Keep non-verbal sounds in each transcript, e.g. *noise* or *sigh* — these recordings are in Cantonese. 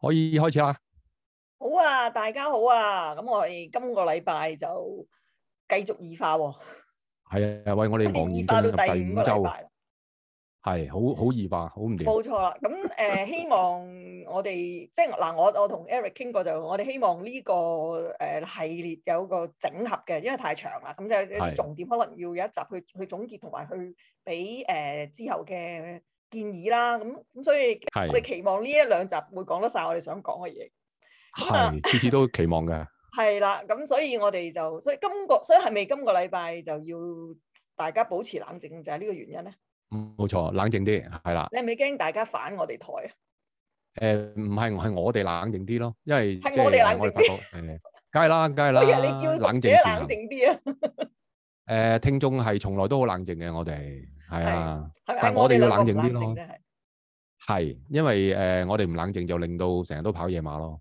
可以開始啦！好啊，大家好啊！咁我哋今個禮拜就繼續異化喎、哦。係啊，喂，我哋忙異化到第五個禮拜係，好好異化，好唔掂。冇錯啦，咁誒、呃，希望我哋 *laughs* 即係嗱、啊，我我同 Eric 傾過就，我哋希望呢、這個誒、呃、系列有個整合嘅，因為太長啦，咁就重點可能要有一集去是去總結，同埋去俾誒、呃、之後嘅。建議啦，咁咁所以我哋期望呢一兩集會講得晒我哋想講嘅嘢。係次是、啊、次都期望嘅。係啦，咁所以我哋就所以今個所以係咪今個禮拜就要大家保持冷靜就係呢個原因，咧。冇錯，冷靜啲係啦。你係咪驚大家反我哋台啊？誒、呃，唔係，係我哋冷靜啲咯，因為、就是、我哋冷靜啲。誒，梗、呃、係啦，梗係啦。你叫冷靜啲，冷靜啲啊！誒、呃，聽眾係從來都好冷靜嘅， *laughs* 我哋。係啊，啊但我哋要冷靜啲咯。係，因為誒、呃，我哋唔冷靜就令到成日都跑野馬咯。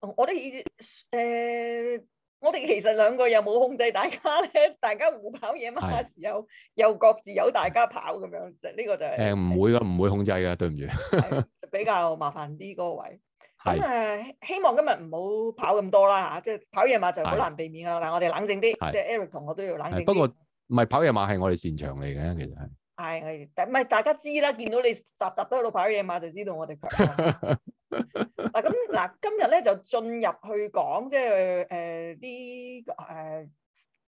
我哋誒、呃，我哋其實兩個又冇控制大家咧，大家互跑野馬嘅是時候，又各自有大家跑咁樣，就、這、呢個就係、是、誒，唔、呃、會噶，唔會控制噶，對唔住， *laughs* 比較麻煩啲嗰個位。咁誒是、呃，希望今日唔好跑咁多啦吓，即、啊、係、就是、跑野馬就好難避免啦。嗱是，但我哋冷靜啲，即係是 Eric 同我都要冷靜啲。是但 唔係跑野馬係我哋擅長嚟嘅，其實係係係，唔係、哎、大家知啦，見到你集集都喺度跑野馬，就知道我哋強。嗱咁嗱，今日咧就進入去講，即係誒啲誒，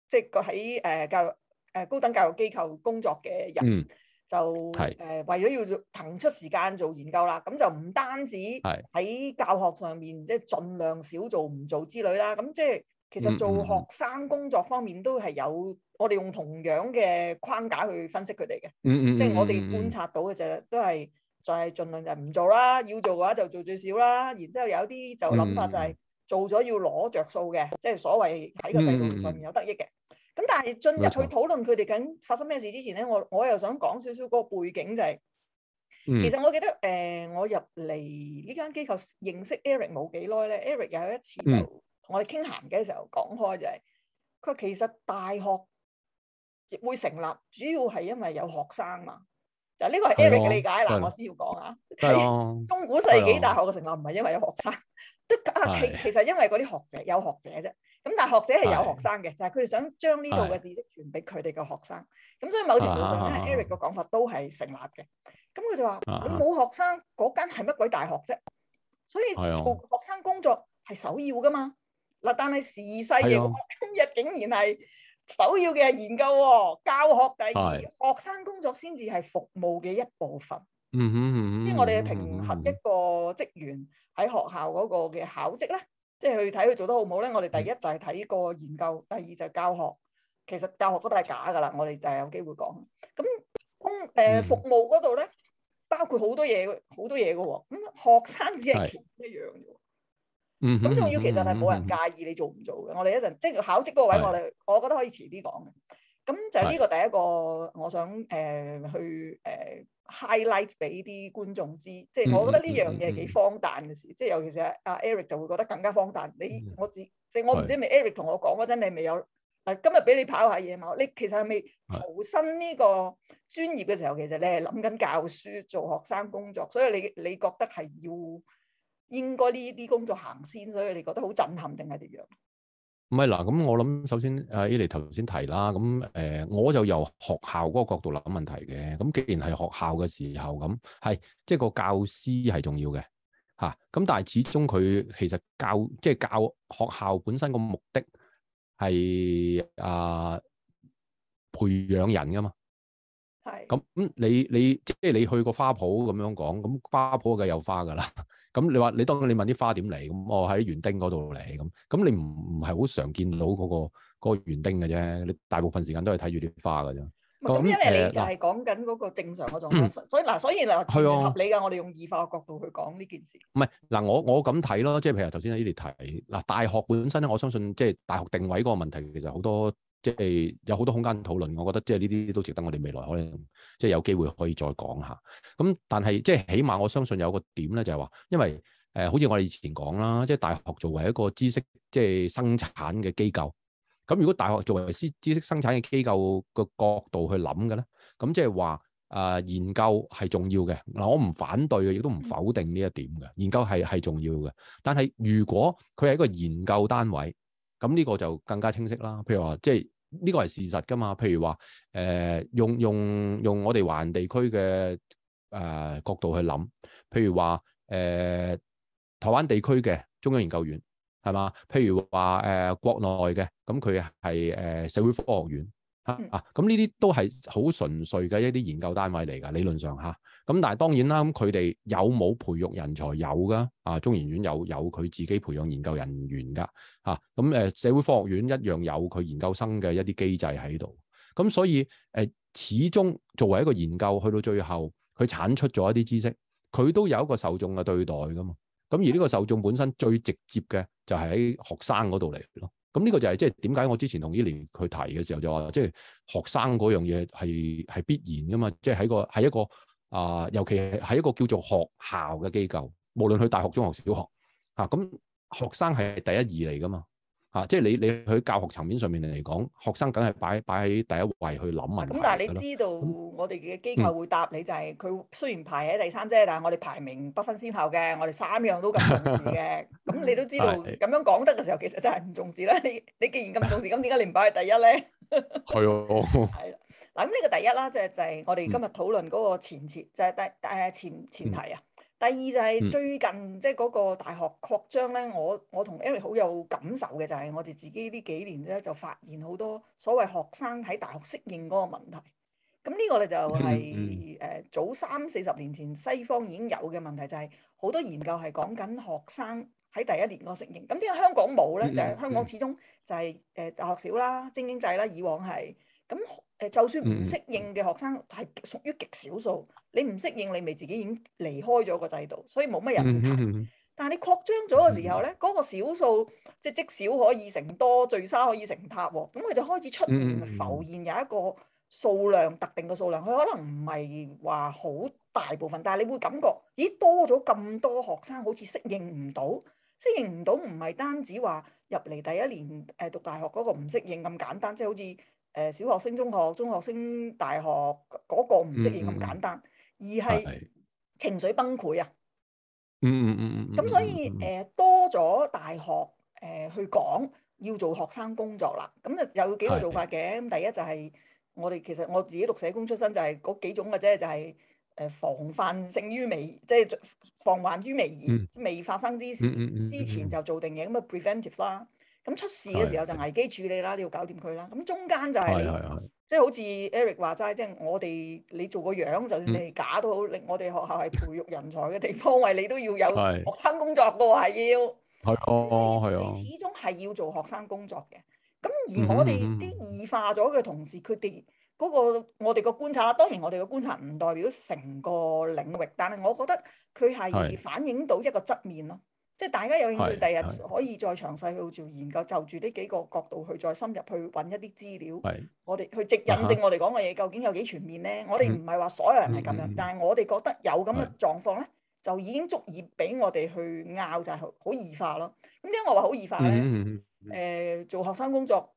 即係喺誒教育誒、呃、高等教育機構工作嘅人，嗯、就誒係、呃、為咗要做騰出時間做研究啦，咁就唔單止喺教學上面，即係盡量少做、唔做之類啦，咁即係。其實做學生工作方面都係有，我哋用同樣嘅框架去分析佢哋嘅，即係、嗯嗯嗯嗯、我哋觀察到嘅啫，都係就係、是、盡量就唔做啦，要做嘅話就做最少啦，然之後有啲就諗法就係、是嗯嗯、做咗要攞着數嘅，即係所謂喺個制度上面有得益嘅。咁、嗯嗯嗯、但係進入去討論佢哋緊發生咩事之前咧，我我又想講少少嗰個背景就係、是，嗯嗯、其實我記得誒、呃、我入嚟呢間機構認識 Eric 冇幾耐咧，Eric 有一次就，嗯我哋傾閒嘅時候講開就係，佢其實大學亦會成立，主要係因為有學生嘛。就呢個係 Eric 嘅理解，嗱我先要講啊。中古世紀大學嘅成立唔係因為有學生，都啊其其實因為嗰啲學者有學者啫。咁但係學者係有學生嘅，就係佢哋想將呢度嘅知識傳俾佢哋嘅學生。咁所以某程度上咧，Eric 嘅講法都係成立嘅。咁佢就話：你冇學生嗰間係乜鬼大學啫？所以做學生工作係首要噶嘛。嗱，但係時勢嘅、啊、今日竟然係首要嘅研究、哦，教學第二，是學生工作先至係服務嘅一部分。嗯哼嗯哼，因為我哋係平衡一個職員喺學校嗰個嘅考績咧，即係去睇佢做得好唔好咧。我哋第一就係睇個研究，第二就係教學。其實教學都度係假噶啦，我哋誒有機會講。咁公誒服務嗰度咧，包括好多嘢，好多嘢嘅喎。咁學生只係一樣嘅喎。咁仲、嗯、要，其實係冇人介意你做唔做嘅。嗯、哼我哋一陣即係考職嗰個位，我哋是的 我覺得可以遲啲講嘅。咁就係呢個第一個，是的 我想誒、呃、去誒、呃、highlight 俾啲觀眾知。即、就、係、是、我覺得呢樣嘢幾荒誕嘅事。即係是的 尤其是阿 Eric 就會覺得更加荒誕。是的 你我自即係我唔知咪 Eric 同我講嗰陣你未有。嗱，今日俾你跑下嘢嘛？你其實係咪投身呢個專業嘅時候，其實你係諗緊教書做學生工作，所以你你覺得係要。應該呢啲工作行先，所以你覺得好震撼定係點樣？唔係嗱，咁我諗首先啊 Eli 頭先提啦，咁誒、呃，我就由學校嗰個角度諗問題嘅。咁既然係學校嘅時候，咁係即係個教師係重要嘅吓。咁、啊、但係始終佢其實教即係、就是、教學校本身個目的係啊培養人噶嘛。係咁是，你你即係你去過花圃咁樣講，咁花圃梗係有花噶啦。咁、嗯、你話你當你問啲花點嚟，咁我喺園丁嗰度嚟，咁、嗯、咁、嗯、你唔唔係好常見到嗰、那個嗰、那個園丁嘅啫，你大部分時間都係睇住啲花噶啫。咁因為你就係講緊嗰個正常嗰種、嗯，所以嗱，所以嗱，係啊，合理噶，我哋用異化嘅角度去講呢件事。唔係嗱，我我咁睇咯，即係譬如頭先喺呢 d d 提嗱，大學本身咧，我相信即係大學定位嗰個問題，其實好多。係有好多空間討論，我覺得即係呢啲都值得我哋未來可能即係有機會可以再講下。咁但係即係起碼我相信有個點咧，就係話，因為誒、呃，好似我哋以前講啦，即係大學作為一個知識即係生產嘅機構。咁如果大學作為知知識生產嘅機構嘅角度去諗嘅咧，咁即係話誒，研究係重要嘅。嗱，我唔反對嘅，亦都唔否定呢一點嘅，研究係係重要嘅。但係如果佢係一個研究單位，咁呢個就更加清晰啦。譬如話即係。呢個係事實噶嘛？譬如話，誒、呃，用用用我哋華人地區嘅誒角度去諗，譬如話，誒、呃，台灣地區嘅中央研究院，係嘛？譬如話，誒、呃，國內嘅，咁佢係誒社會科學院啊，咁呢啲都係好純粹嘅一啲研究單位嚟噶，理論上吓。啊咁但係當然啦，咁佢哋有冇培育人才？有噶，啊，中研院有有佢自己培養研究人員噶，嚇咁誒社會科學院一樣有佢研究生嘅一啲機制喺度。咁、啊、所以誒、呃，始終作為一個研究，去到最後佢產出咗一啲知識，佢都有一個受眾嘅對待噶嘛。咁、啊、而呢個受眾本身最直接嘅就係喺學生嗰度嚟咯。咁、啊、呢、啊、個就係即係點解我之前同伊蓮佢提嘅時候就話，即係學生嗰樣嘢係係必然噶嘛，即係喺個係一個。啊，尤其係喺一個叫做學校嘅機構，無論去大學、中學、小學，啊，咁學生係第一二嚟噶嘛，啊，即係你你去教學層面上面嚟講，學生梗係擺擺喺第一位去諗問題。咁但係你知道我哋嘅機構會答你，就係佢雖然排喺第三啫，但係我哋排名不分先後嘅，我哋三樣都咁重視嘅。咁你都知道咁樣講得嘅時候，其實真係唔重視啦。你你既然咁重視，咁點解你唔擺喺第一咧？係啊。咁呢、嗯、個第一啦，就係就係我哋今日討論嗰個前提，就係第誒前前，前提啊。第二就係最近即係嗰個大學擴張咧，我我同 Eric 好有感受嘅就係我哋自己呢幾年咧，就發現好多所謂學生喺大學適應嗰個問題。咁呢個咧就係、是、誒、嗯嗯呃、早三四十年前西方已經有嘅問題，就係、是、好多研究係講緊學生喺第一年個適應。咁點解香港冇咧？就係、是、香港始終就係誒大學少啦，精英制啦，以往係。咁誒，就算唔適應嘅學生係屬於極少數，你唔適應，你咪自己已經離開咗個制度，所以冇乜人、嗯、但係你擴張咗嘅時候呢嗰、嗯、個少數即係積少可以成多，聚沙可以成塔喎。咁佢就開始出現浮現有一個數量、嗯、特定嘅數量，佢可能唔係話好大部分，但係你會感覺咦多咗咁多學生好似適應唔到，適應唔到唔係單止話入嚟第一年誒讀大學嗰個唔適應咁簡單，即係好似。誒小學升中學、中學升大學嗰、那個唔適應咁簡單，mm hmm. 而係情緒崩潰啊！嗯嗯嗯咁所以誒、呃、多咗大學誒、呃、去講要做學生工作啦，咁就有幾個做法嘅。咁、mm hmm. 第一就係我哋其實我自己讀社工出身就，就係嗰幾種嘅啫，就係誒防範性於微，即、就、係、是、防患於未然，未發生之事、mm hmm. 之前就做定嘢，咁啊 preventive 啦。咁出事嘅時候就危機處理啦，你要搞掂佢啦。咁中間就係，即係是的 好似 Eric 話齋，即、就、係、是、我哋你做個樣，就算係假都好，你、嗯、我哋學校係培育人才嘅地方，喂，是的 你都要有學生工作嘅喎，係要，係哦，係啊，你始終係要做學生工作嘅。咁而我哋啲異化咗嘅同事，佢哋嗰個我哋嘅觀察，當然我哋嘅觀察唔代表成個領域，但係我覺得佢係反映到一個側面咯。即係大家有興趣，第日可以再詳細去做研究，是是就住呢幾個角度去再深入去揾一啲資料。是是我哋去直引證我哋講嘅嘢，啊、究竟有幾全面咧？我哋唔係話所有人係咁樣，是是但係我哋覺得有咁嘅狀況咧，就已經足以俾我哋去拗就係、是、好異化咯。咁點解我話好異化咧？誒是是、呃，做學生工作，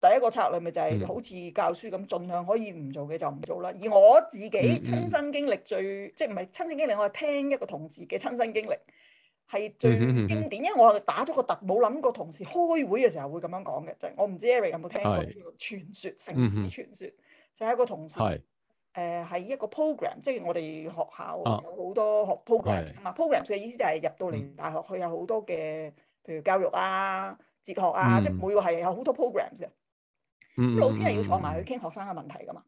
第一個策略咪就係好似教書咁，盡量可以唔做嘅就唔做啦。而我自己親身經歷最，即係唔係親身經歷，我係聽一個同事嘅親身經歷。係最經典，因為我打咗個突，冇諗過同事開會嘅時候會咁樣講嘅。就係、是、我唔知 Eric 有冇聽過叫做傳說城市傳說，嗯、哼就係一個同事誒，係是、呃、一個 program，即係我哋學校有好多學 program 啊嘛。program 嘅意思就係入到嚟大學，佢、嗯、有好多嘅，譬如教育啊、哲學啊，嗯、即係每個係有好多 program 嘅。嗯、老師係要坐埋去傾學生嘅問題噶嘛。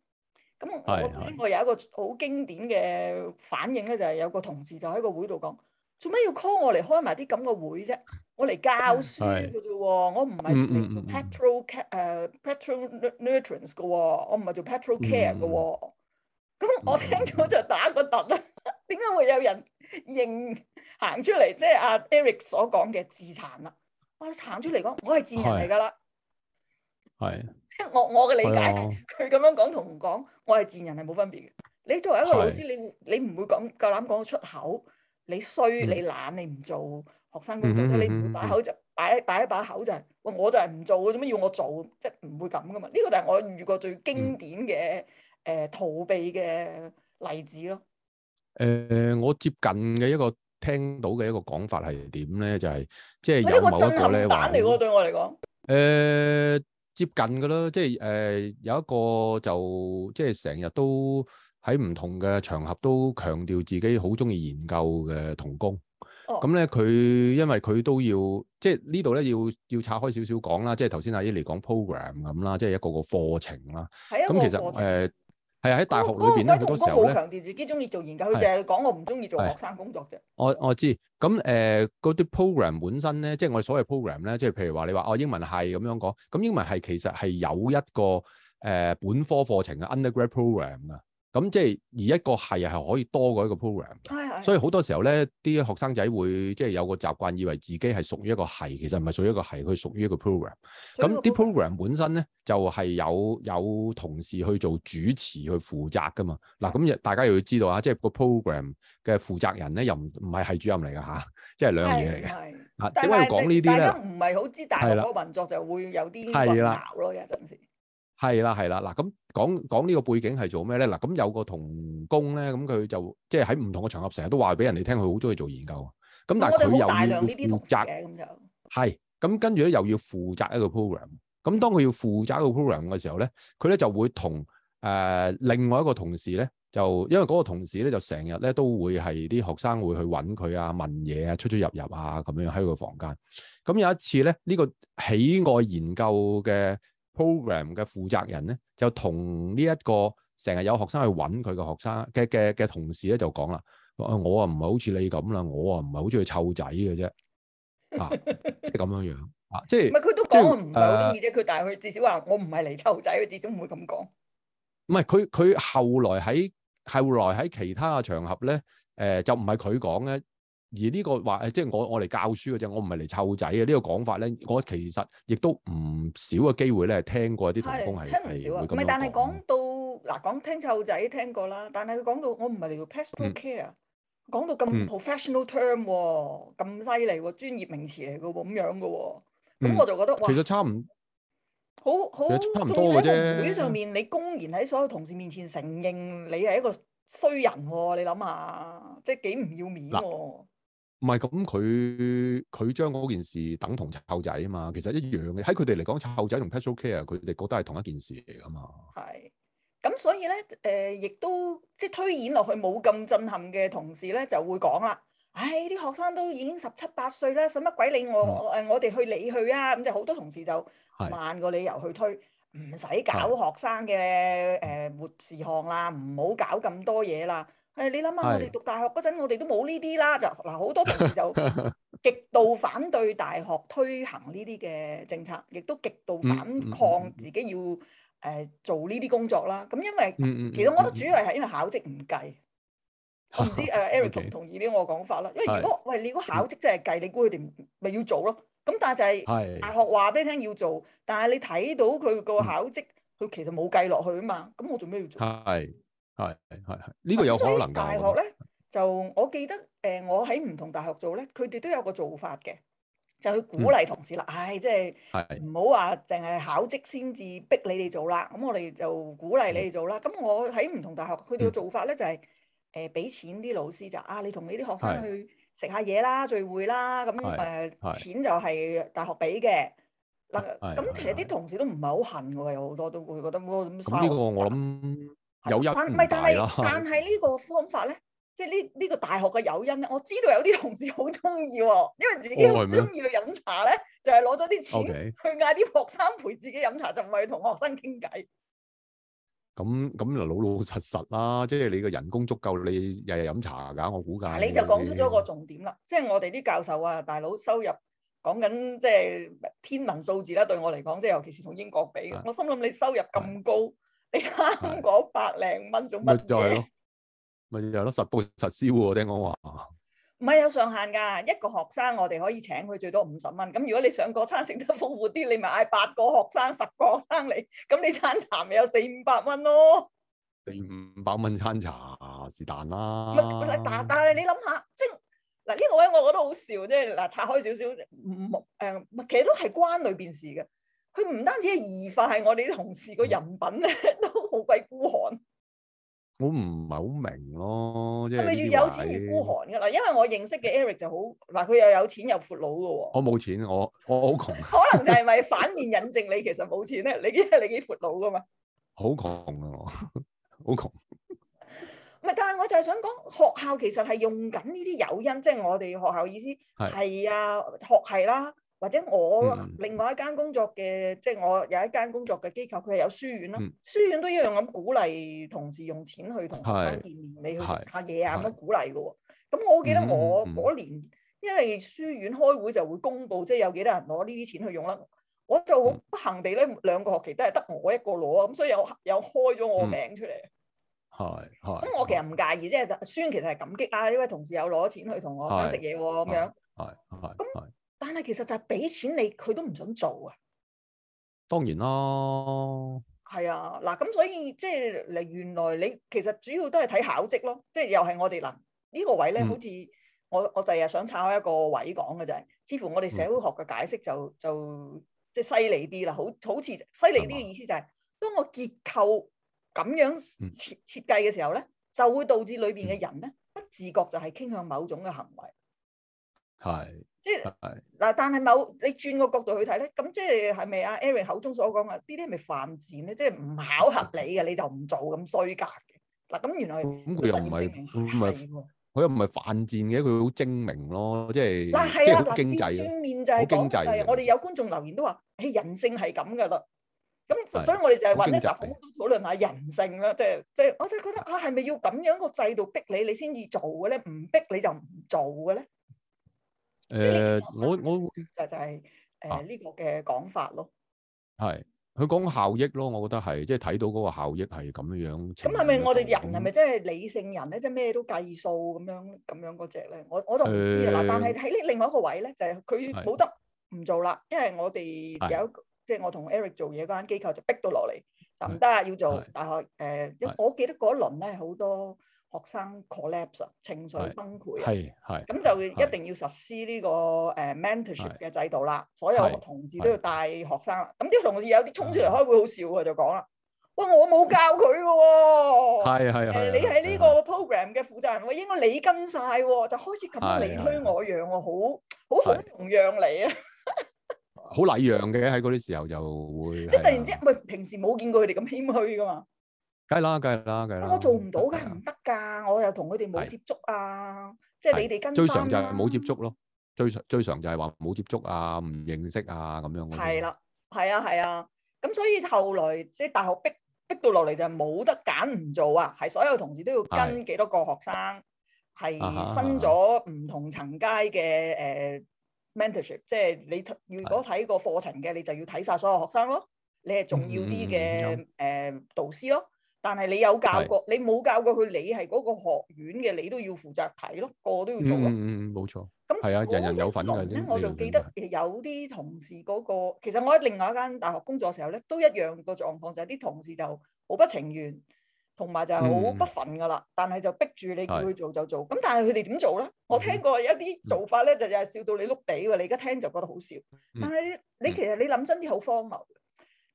咁我聽過有一個好經典嘅反應咧，就係、是、有個同事就喺個會度講，做咩要 call 我嚟開埋啲咁嘅會啫？我嚟教書嘅啫喎，我唔係嚟 petrol care 誒 petrol nutrients 嘅喎、喔，我唔係做 petrol care 嘅喎、喔。咁我聽咗就打個突啦、啊！點 *laughs* 解會有人認行出嚟？即係阿 Eric 所講嘅自殘啦！我行出嚟講， *laughs* 我係賤人嚟㗎啦！係，即係我我嘅理解，佢咁樣講同唔講我係賤人係冇分別嘅。你作為一個老師，你你唔會講夠膽講出口。你衰，你懶，你唔做學生工作，你唔擺口就擺擺一把口就係，我就係唔做，做乜要我做？即係唔會咁噶嘛？呢個就係我遇過最經典嘅誒逃避嘅例子咯。誒，我接近嘅一個聽到嘅一個講法係點咧？就係即係有某一個咧，話嚟喎對我嚟講。誒，接近噶咯，即係誒有一個就即係成日都。喺唔同嘅場合都強調自己好中意研究嘅同工，咁咧佢因為佢都要即係呢度咧要要拆開少少講啦，即係頭先阿姨嚟講 program 咁啦，即係一個個課程啦。咁其實誒係喺大學裏邊咧，好、那個那個、多時候好強調自己中意做研究，佢淨係講我唔中意做學生工作啫。我我知咁誒，嗰、嗯、啲、呃、program 本身咧，即係我哋所謂 program 咧，即係譬如話你話哦英文系咁樣講，咁英文系其實係有一個誒、呃、本科課程嘅 undergrad program 啊。咁、嗯、即係而一個係又係可以多過一個 program，哎、呀所以好多時候咧，啲學生仔會即係有個習慣，以為自己係屬於一個係，其實唔係屬於一個係，佢屬於一個 program。咁啲 program, program 本身咧就係、是、有有同事去做主持去負責噶嘛。嗱、啊、咁、嗯、大家要要知道啊，即係個 program 嘅負責人咧又唔唔係係主任嚟噶吓，即係兩樣嘢嚟嘅。嚇點解要講呢啲咧？大家唔係好知大學個運作就會有啲混淆咯，有陣時。係啦，係啦，嗱咁講講呢個背景係做咩咧？嗱咁有個同工咧，咁佢就即係喺唔同嘅場合，成日都話俾人哋聽，佢好中意做研究。咁但係佢又要負責，咁就係咁跟住咧，又要負責一個 program。咁當佢要負責一個 program 嘅時候咧，佢咧就會同誒、呃、另外一個同事咧，就因為嗰個同事咧就成日咧都會係啲學生會去揾佢啊、問嘢啊、啊、出出入入啊咁樣喺個房間。咁有一次咧，呢、呢個喜愛研究嘅。program 嘅負責人咧，就同呢一個成日有學生去揾佢嘅學生嘅嘅嘅同事咧，就講啦，我啊唔係好似你咁啦，我 *laughs* 啊唔係好中意湊仔嘅啫，啊，即係咁樣樣啊，即係唔係佢都講唔係好中意啫，佢、即係 uh, 但係佢至少話我唔係嚟湊仔，佢至少唔會咁講。唔係佢佢後來喺後來喺其他場合咧，誒、呃，就唔係佢講咧。而呢個話誒，即係我我嚟教書嘅啫，我唔係嚟湊仔嘅。這個、呢個講法咧，我其實亦都唔少嘅機會咧，聽過啲同工係係聽唔少。唔係，但係講到嗱，講聽湊仔聽過啦。但係佢講到我唔係嚟做 pastoral care，講到咁 professional term 咁犀利喎，專、哦、業名詞嚟嘅喎，咁樣嘅喎，咁、嗯嗯、我就覺得哇其實差唔好好差唔多嘅啫。會上面你公然喺所有同事面前承認你係一個衰人，你諗下，即係幾唔要面喎？唔係咁，佢佢將嗰件事等同湊仔啊嘛，其實一樣嘅。喺佢哋嚟講，湊仔同 pastoral care，佢哋覺得係同一件事嚟噶嘛。係，咁所以咧，誒亦都即係推演落去冇咁震撼嘅同事咧，就會講啦。唉，啲學生都已經十七八歲啦，使乜鬼理我？誒，我哋去理去啊！咁就好多同事就萬個理由去推，唔使搞學生嘅誒活時項啦，唔好搞咁多嘢啦。係、哎、你諗下，我哋讀大學嗰陣，是我哋都冇呢啲啦。就嗱，好多同事就極度反對大學推行呢啲嘅政策，亦都極度反抗自己要誒、嗯嗯呃、做呢啲工作啦。咁因為其實我覺得主要係因為考績唔計。我唔知誒，Eric 同唔同意呢？我嘅講法啦，因為如果是喂，你如果考績真係計，你估佢哋咪要做咯。咁但係就係大學話俾你聽要做，是但係你睇到佢個考績，佢、嗯、其實冇計落去啊嘛。咁我做咩要做？是係係係呢個有可能噶。大學咧就我記得誒，我喺唔同大學做咧，佢哋都有個做法嘅，就去鼓勵同事啦。唉，即係唔好話淨係考職先至逼你哋做啦。咁我哋就鼓勵你哋做啦。咁我喺唔同大學，佢哋嘅做法咧就係誒，俾錢啲老師就啊，你同呢啲學生去食下嘢啦，聚會啦，咁誒，錢就係大學俾嘅。嗱，咁其實啲同事都唔係好恨嘅，有好多都會覺得，咁呢個我諗。有因，唔係，但係，但係呢個方法咧，即係呢呢個大學嘅誘因咧，我知道有啲同事好中意喎，因為自己好中意去飲茶咧，哦、就係攞咗啲錢去嗌啲學生陪自己飲茶，Okay. 就唔係同學生傾偈。咁咁嗱，老老實實啦，即係你個人工足夠，你日日飲茶㗎，我估計你。你就講出咗個重點啦，即係我哋啲教授啊，大佬收入講緊即係天文數字啦，對我嚟講，即係尤其是同英國比，的我心諗你收入咁高。你慳嗰百零蚊做乜嘢？咪就係咯，咪就係咯，實報實銷喎，聽講話。唔係有上限噶，一個學生我哋可以請佢最多五十蚊。咁如果你上個餐食得豐富啲，你咪嗌八個學生、十個學生嚟，咁你餐茶咪有 4, 四五百蚊咯。四五百蚊餐茶，是但啦。嗱，但但係你諗下，即嗱呢個位我覺得好笑，即係嗱拆開少少，唔、嗯、誒、呃，其實都係關裏邊事嘅。佢唔單止係異化，係我哋啲同事個人品咧都好鬼孤寒。我唔係好明咯，即係咪越有錢越孤寒噶啦。因為我認識嘅 Eric 就好，嗱佢又有錢又闊佬噶喎。我冇錢，我我好窮。可能就係咪反面引證你其實冇錢咧？你即係你幾闊佬噶嘛？好窮啊！我好窮。唔係，但係我就係想講學校其實係用緊呢啲誘因，即係我哋學校意思係啊學系啦。或者我另外一間工作嘅，嗯、即係我有一間工作嘅機構，佢係有書院啦。嗯、書院都一樣咁鼓勵同事用錢去同學生見面，是你去食下嘢啊，咁樣鼓勵㗎喎。咁我記得我嗰年，嗯、因為書院開會就會公佈，即係有幾多人攞呢啲錢去用啦。我就好不幸地咧，兩個學期都係得我一個攞，咁所以有有開咗我名出嚟。係係。咁我其實唔介意，即係書院其實係感激啊呢位同事有攞錢去同我食食嘢喎咁樣。係咁。但係其實就係俾錢你佢都唔想做啊！當然咯，係啊，嗱，咁所以即係嚟原來你其實主要都係睇考績咯，即係又係我哋嗱呢個位咧，好似我、嗯、我第日想炒開一個位講嘅就係、是，似乎我哋社會學嘅解釋就、嗯、就即係犀利啲啦，好好似犀利啲嘅意思就係、是，吧當我結構咁樣設設計嘅時候咧，嗯、就會導致裏邊嘅人咧不自覺就係傾向某種嘅行為。係、嗯。即係嗱，但係某你轉個角度去睇咧，咁即係係咪阿 Eric 口中所講嘅？呢啲係咪犯賤咧？即係唔考核你嘅，你就唔做咁衰格嘅。嗱咁原來咁佢又唔係唔係佢又唔係犯賤嘅，佢好精明咯，即係即係好經濟，好經濟。我哋有觀眾留言都話，誒人性係咁㗎啦。咁所以我哋就係話咧，集集都討論下人性啦，即係即係我真係覺得啊，係咪要咁樣個制度逼你，你先至做嘅咧？唔逼你就唔做嘅咧？誒，我我就就係誒呢個嘅講法咯。係，佢講效益咯，我覺得係，即係睇到嗰個效益係咁樣。咁係咪我哋人係咪真係理性人咧？即係咩都計數咁樣咁樣嗰隻咧？我我就唔知啊。嗱，但係喺呢另外一個位咧，就係佢冇得唔做啦，因為我哋有一即係我同 Eric 做嘢嗰間機構就逼到落嚟，就唔得要做大學誒。我記得嗰一輪咧好多。學生 collapse 啊，情緒崩潰啊，係係，咁就一定要實施呢個誒 mentorship 嘅制度啦。所有同事都要帶學生啦。咁啲同事有啲衝出嚟開會好笑，佢就講啦，喂，我冇教佢嘅喎，係係啊。你喺呢個 program 嘅負責人，喂，應該你跟晒，就開始咁你推我讓喎，好好好，同讓你啊，好禮讓嘅。喺嗰啲時候就會，即係突然之間，喂，平時冇見過佢哋咁謙虛㗎嘛。梗係啦，梗係啦，梗係啦。我做唔到㗎，唔得㗎。我又同佢哋冇接觸啊，即係你哋跟住最常就係冇接觸咯，最最常就係話冇接觸啊，唔認識啊咁樣。係啦，係啊，係啊。咁所以後來即係大學逼逼到落嚟就係冇得揀，唔做啊。係所有同事都要跟幾多個學生，係分咗唔同層階嘅誒 mentorship，即係你如果睇個課程嘅，你就要睇晒所有學生咯。你係重要啲嘅誒導師咯。但係你有教過，你冇教過佢，你係嗰個學院嘅，你都要負責睇咯，個個都要做咯。嗯，冇錯。咁係啊，人人有份咯。我就記得有啲同事嗰個，其實我喺另外一間大學工作嘅時候咧，都一樣個狀況，就係啲同事就好不情願，同埋就好不忿噶啦。但係就逼住你叫佢做就做。咁但係佢哋點做咧？我聽過有一啲做法咧，就又係笑到你碌地喎！你而家聽就覺得好笑。但係你其實你諗真啲好荒謬。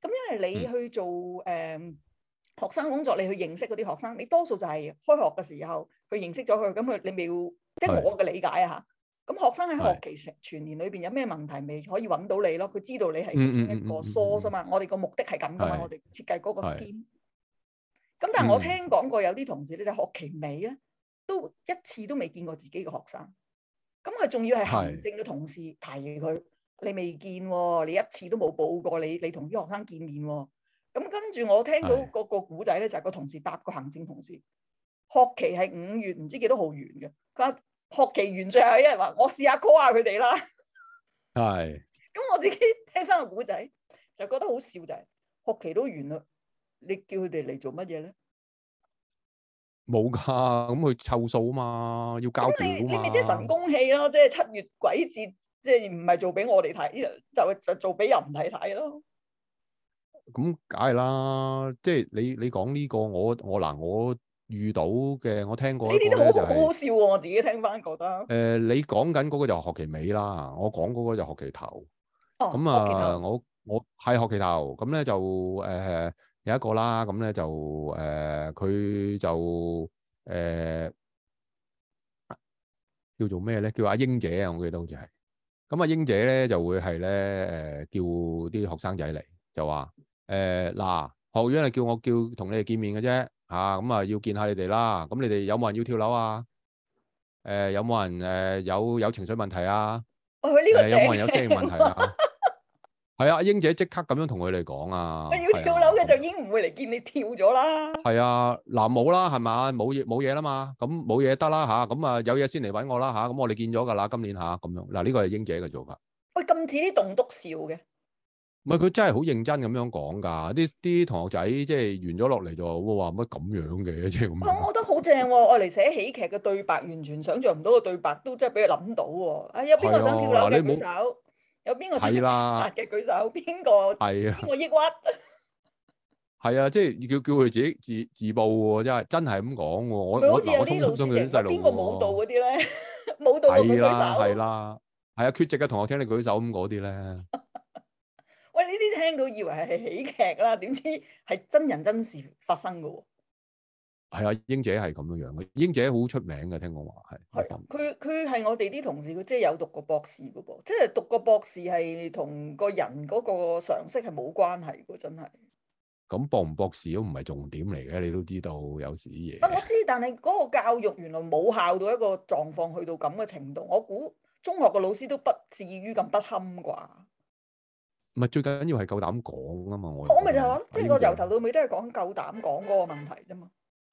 咁因為你去做誒。學生工作你去認識嗰啲學生，你多數就係開學嘅時候去認識咗佢，咁佢你未要，即、就、係、是、我嘅理解啊嚇。咁是學生喺學期成全年裏邊有咩問題未可以揾到你咯？佢知道你係一個 source 嘛？嗯嗯嗯嗯嗯、我哋個目的係咁嘅嘛？是我哋設計嗰個 scheme s h e m e 咁但係我聽講過有啲同事咧，就係、學期尾咧都一次都未見過自己嘅學生。咁佢仲要係行政嘅同事提佢，是你未見喎？你一次都冇報過，你你同啲學生見面喎？咁跟住我聽到個個古仔咧，是就係個同事搭個行政同事，學期係五月唔知幾多號完嘅。佢話學期完最後一日話，我試下 call 下佢哋啦。係是。咁 *laughs* 我自己聽翻個古仔，就覺得好笑就係、是、學期都完啦，你叫佢哋嚟做乜嘢咧？冇噶，咁佢湊數啊嘛，要交表嘛。你你咪即係神功戲咯，即係七月鬼節，即係唔係做俾我哋睇，就就做俾人睇睇咯。咁梗係啦，即係、嗯就是、你你講呢、這個，我我嗱我遇到嘅，我聽過呢啲、就是、都好好笑喎！我自己聽翻覺得。誒、呃，你講緊嗰個就學期尾啦，我講嗰個就學期頭。咁啊、哦，我我係學期頭，咁咧就誒、呃、有一個啦，咁咧就誒佢、呃、就誒、呃、叫做咩咧？叫阿英姐啊，我記得好似係。咁阿英姐咧就會係咧誒叫啲學生仔嚟，就話。誒，嗱，學院係叫我叫同你哋見面嘅啫，吓咁啊，要見下你哋啦。咁你哋有冇人要跳樓啊？誒，有冇人誒有有情緒問題啊？呢個有冇人有心理問題啊？係啊，英姐即刻咁樣同佢哋講啊。要跳樓嘅就已經唔會嚟見你跳咗啦。係啊，嗱，冇啦，係咪，冇嘢冇嘢啦嘛，咁冇嘢得啦吓，咁啊有嘢先嚟搵我啦吓，咁我哋見咗噶啦，今年吓咁樣。嗱，呢個係英姐嘅做法。喂，咁似啲棟篤笑嘅。唔係，佢真係好認真咁樣講㗎，啲啲同學仔即係完咗落嚟就話乜咁樣嘅，即係咁。我覺得好正喎，愛嚟寫喜劇嘅對白，完全想像唔到嘅對白都真係俾佢諗到喎。有呀，邊個想跳樓你舉手？有邊個想自殺嘅舉手？邊個？係啊，邊個抑鬱？係啊，即係叫叫佢自己自自報喎！真係真係咁講喎！我我我衝沖啲細路喎。邊個舞蹈嗰啲咧？舞蹈嘅係啦係啊！缺席嘅同學聽你舉手咁嗰啲咧。呢啲聽到以為係喜劇啦，點知係真人真事發生嘅喎啊？係啊，英姐係咁樣樣嘅，英姐好出名嘅，聽講話係。係佢，佢係我哋啲同事，佢即係有讀過博士嘅噃，即係讀個博士係同個人嗰個常識係冇關係嘅，真係。咁博唔博士都唔係重點嚟嘅，你都知道有時啲嘢。我知，但係嗰個教育原來冇效到一個狀況去到咁嘅程度，我估中學嘅老師都不至於咁不堪啩。唔係最緊要係夠膽講啊嘛！我我咪就係咯，即係我由頭到尾都係講夠膽講嗰個問題啫嘛。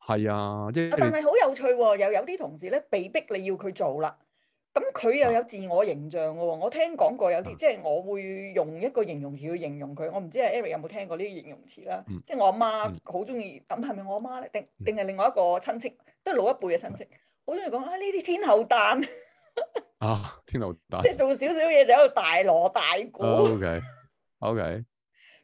係啊，即係。但係好有趣喎，有有啲同事咧被逼你要佢做啦，咁佢又有自我形象噶喎。我聽講過有啲，即係我會用一個形容詞去形容佢。我唔知係 Eric 有冇聽過呢啲形容詞啦。即係我阿媽好中意，咁係咪我阿媽咧？定定係另外一個親戚，都係老一輩嘅親戚，好中意講啊呢啲天后誕啊天后誕，即係做少少嘢就喺度大鑼大鼓。O.K.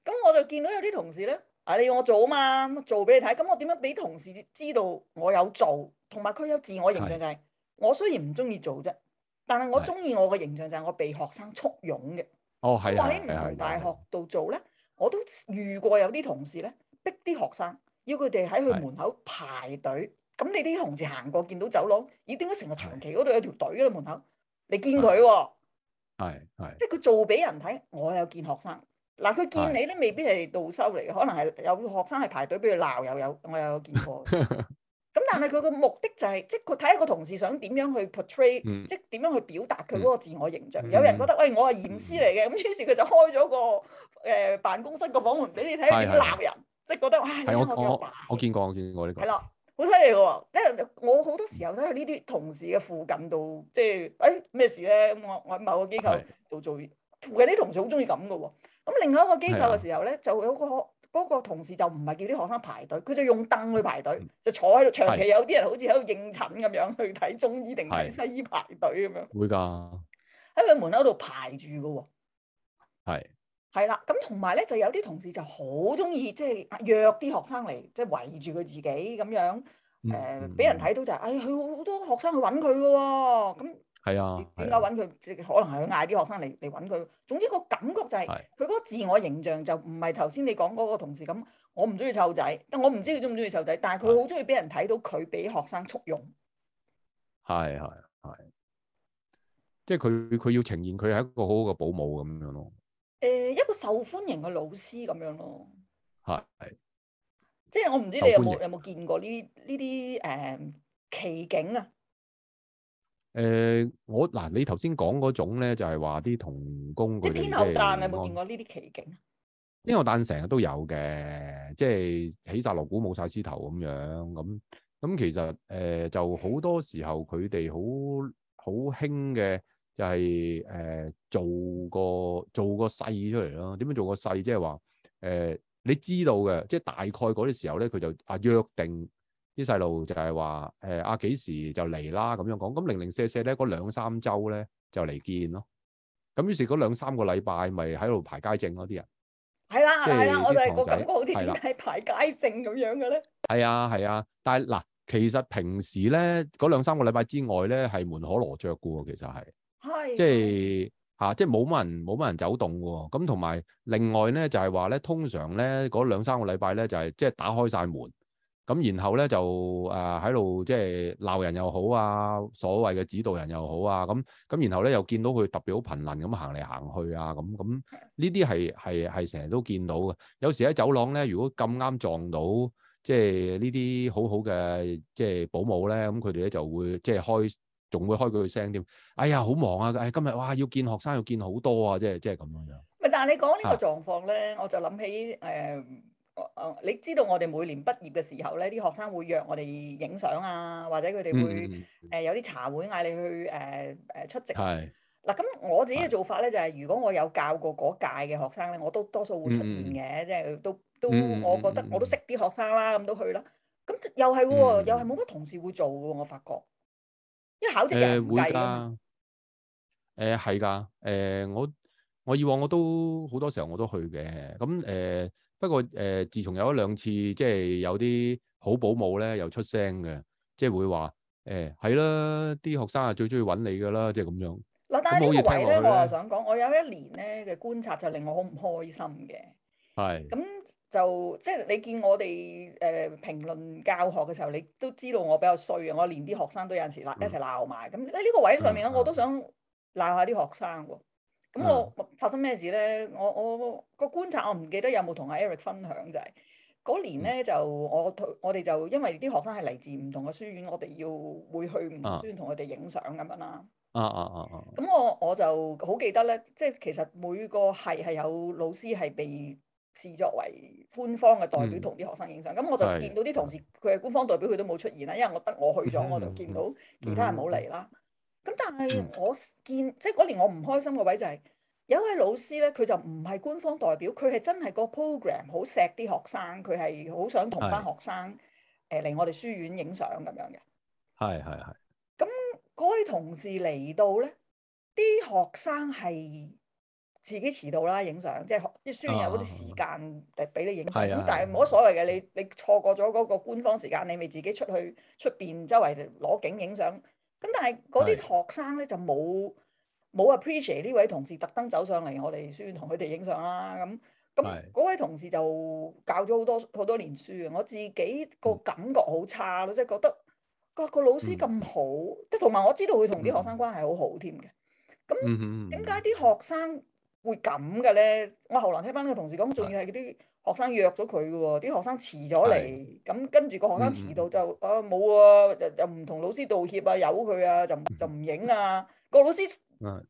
咁我就見到有啲同事咧，啊你要我做啊嘛，做俾你睇。咁我點樣俾同事知道我有做，同埋佢有自我，我，對我，我形象就係，我雖然唔中意做啫，但係我中意我個形象就係我被學生簇擁嘅。哦，係啊，喺唔同大學度做咧，我都遇過有啲同事咧，逼啲學生要佢哋喺佢門口排隊。咁你啲同事行過見到走廊，咦？點解成日長期嗰度有條隊喺對門口？你見佢喎，哦，係係，即係佢做俾人睇，我有見學生。嗱，佢見你咧，未必係導修嚟嘅，可能係有學生係排隊俾佢鬧，又有我又有見過。咁 *laughs* 但係佢個目的就係、是，即係佢睇下個同事想點樣去 portray，嗯、即係點樣去表達佢嗰個自我形象。嗯、有人覺得，喂、哎，我係嚴師嚟嘅，咁於是佢就開咗個誒、呃、辦公室個房門俾你睇，點鬧人，是是即係覺得，唉是，你係咪咁我見過，我見過呢、這個。係啦，好犀利嘅喎，因為我好多時候都喺呢啲同事嘅附近度，即係，誒、哎、咩事咧？我我喺某個機構度做。的附近啲同事好中意咁噶喎，咁另外一個機構嘅時候咧，的就有個嗰個同事就唔係叫啲學生排隊，佢就用凳去排隊，就坐喺度的長期有啲人好似喺度應診咁樣去睇中醫定睇西醫排隊咁樣。會㗎的，喺佢門口度排住噶喎。係的。係啦，咁同埋咧就有啲同事就好中意即係約啲學生嚟，即係圍住佢自己咁樣，誒、俾人睇到就係，哎、佢好多學生去揾佢噶喎，咁。係啊，點解揾佢？可能係佢嗌啲學生嚟嚟揾佢。總之個感覺就係、是，佢嗰個自我形象就唔係頭先你講嗰個同事咁。我唔中意湊仔，我唔知佢中唔中意湊仔，但係佢好中意俾人睇到佢俾學生簇擁。係係係，即係佢佢要呈現佢係一個好好嘅保姆咁樣咯。誒、呃，一個受歡迎嘅老師咁樣咯。係係、啊，啊、即係我唔知你有冇有冇見過呢呢啲誒奇景啊？誒、呃，我嗱，你頭先講嗰種咧，就係話啲童工嗰啲，即天后誕，你有冇見過呢啲奇景啊？天后誕成日都有嘅，即係起晒鑼鼓，冇晒獅頭咁樣咁。咁其實誒、呃，就好多時候佢哋好好興嘅，就係、是、誒、呃、做個做個細出嚟咯。點樣做個細？即係話誒，你知道嘅，即、就、係、是、大概嗰啲時候咧，佢就啊約定。啲細路就係話誒啊，幾時就嚟啦咁樣講，咁零零四四咧，嗰兩三周咧就嚟見咯。咁於是嗰兩三個禮拜咪喺度排街證咯啲人。係啦、啊，係啦、啊啊，我就係個感覺好似點解排街證咁樣嘅咧？係啊，係啊，但係嗱，其實平時咧嗰兩三個禮拜之外咧係門可羅雀嘅喎，其實係，係、啊啊，即係吓，即係冇乜人冇乜人走動喎。咁同埋另外咧就係話咧，通常咧嗰兩三個禮拜咧就係即係打開晒門。咁然後咧就誒喺度即係鬧人又好啊，所謂嘅指導人又好啊，咁咁然後咧又見到佢特別好頻輪咁行嚟行去啊，咁咁呢啲係係係成日都見到嘅。有時喺走廊咧，如果咁啱撞到即係、即係即係、呢啲好好嘅即係保姆咧，咁佢哋咧就會即係、即係、開，仲會開佢嘅聲添。哎呀，好忙啊！誒、哎，今日哇，要見學生要見好多啊，即係即係咁樣。唔係，但係你講呢個狀況咧，我就諗起誒。嗯哦，你知道我哋每年畢業嘅時候咧，啲學生會約我哋影相啊，或者佢哋會誒、嗯呃、有啲茶會嗌你去誒誒、呃、出席。嗱是，咁、啊、我自己嘅做法咧是就係，如果我有教過嗰屆嘅學生咧，我都多數會出現嘅，嗯、即係都都，我覺得我都識啲學生啦，咁都去啦。咁又係喎、哦，嗯、又係冇乜同事會做嘅喎，我發覺，因為考職人唔計。誒係㗎，誒、呃呃、我我以往我都好多時候我都去嘅，咁誒。不過誒、呃，自從有一兩次即係有啲好保姆咧，又出聲嘅，即係會話誒係啦，啲、欸、學生啊最鍾意揾你㗎啦，即係咁樣。嗱，但係呢個位咧，我就想講，我有一年咧嘅觀察就令我好唔開心嘅。係的。咁就即係你見我哋誒、呃、評論教學嘅時候，你都知道我比較衰嘅，我連啲學生都有陣時鬧、嗯、一齊鬧埋。咁喺呢個位上面咧，嗯、我都想鬧下啲學生喎。咁、嗯、我發生咩事咧？我我個觀察，我唔記得有冇同阿 Eric 分享就係嗰年咧，就，是呢嗯、就我我哋就因為啲學生係嚟自唔同嘅書院，我哋要會去唔同書院同佢哋影相咁樣啦、啊。啊咁、啊啊、我我就好記得咧，即係其實每個係係有老師係被視作為官方嘅代表同啲學生影相。咁、嗯、我就見到啲同事佢係、嗯、官方代表，佢都冇出現啦，因為我得我去咗，我就見到其他人冇嚟啦。嗯嗯嗯嗯咁、嗯、但係我見即係嗰年我唔開心個位就係、係、有一位老師咧，佢就唔係官方代表，佢係真係個 program 好錫啲學生，佢係好想同班係學生誒嚟、呃、我哋書院影相咁樣嘅。係係係。咁嗰位同事嚟到咧，啲學生係自己遲到啦，影相即係啲書院有嗰啲時間嚟俾你影相，咁、啊嗯、但係冇乜所謂嘅，你你錯過咗嗰個官方時間，你咪自己出去出邊周圍攞景影相。咁但係嗰啲學生咧就冇冇的 appreciate 呢位同事特登走上嚟，我哋書院同佢哋影相啦。咁咁嗰位同事就教咗好多好多年書啊，我自己個感覺好差咯，嗯、即係覺得個個老師咁好，即係同埋我知道佢同啲學生關係好好添嘅。咁點解啲學生會咁嘅咧？我後來聽翻個同事講，仲要係嗰啲。學生約咗佢嘅喎，啲學生遲咗嚟，咁的、嗯嗯、跟住個學生遲到就啊冇喎、啊，又唔同老師道歉啊，由佢啊，就就唔影啊。個老師的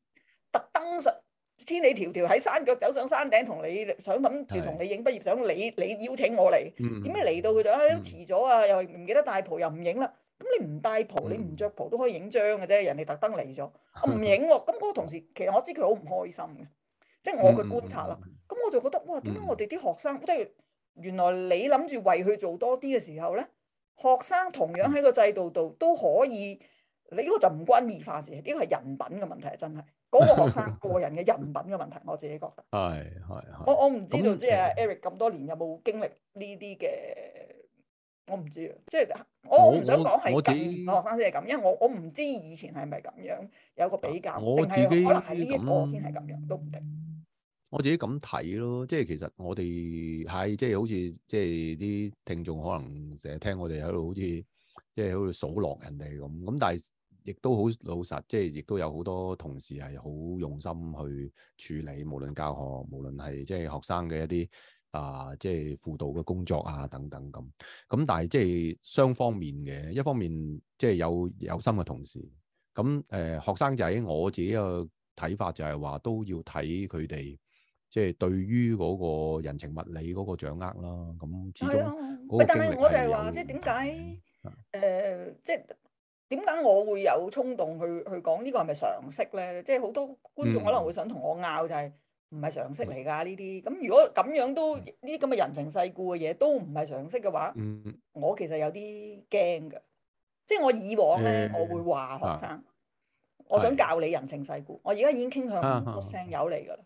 特登上千里迢迢喺山腳走上山頂同你想諗住同你影畢業相的，你你邀請我嚟，點解嚟到佢就啊、哎、遲咗啊，又唔記得帶蒲，又唔影啦。咁你唔帶蒲，你唔着蒲都可以影張嘅啫。人哋特登嚟咗，我唔影喎。咁嗰個同事其實我知佢好唔開心嘅。 *laughs* *laughs* 即係我嘅觀察啦，咁、嗯、我就覺得哇，點解我哋啲學生、嗯、即係原來你諗住為佢做多啲嘅時候咧，學生同樣喺個制度度都可以，你、這、呢個就唔關異化事，呢、這個係人品嘅問題，真係嗰、那個學生個人嘅人品嘅問題， *laughs* 我自己覺得。係係。我我唔知道即係 Eric 咁多年有冇經歷呢啲嘅，我唔知啊。即係我我唔想講係近年學生先係咁，因為我我唔知以前係咪咁樣有個比較，定係自可能係呢一個先係咁樣都唔定。我自己咁睇咯，即係其實我哋係即係好似即係啲聽眾可能成日聽我哋喺度好似即係喺度數落人哋咁，咁但係亦都好老實，即係亦都有好多同事係好用心去處理，無論教學，無論係即係學生嘅一啲啊、呃，即係輔導嘅工作啊等等咁。咁但係即係雙方面嘅，一方面即係有有心嘅同事，咁誒、呃、學生就係我自己嘅睇法就係話都要睇佢哋。即係對於嗰個人情物理嗰個掌握啦，咁但係我就係話，即係點解？誒，即係點解我會有衝動去去講呢個係咪常識咧？即係好多觀眾可能會想同我拗就係，唔係常識嚟㗎呢啲。咁如果咁樣都呢啲咁嘅人情世故嘅嘢都唔係常識嘅話，我其實有啲驚㗎。即係我以往咧，我會話學生，我想教你人情世故。我而家已經傾向個聲友嚟㗎啦。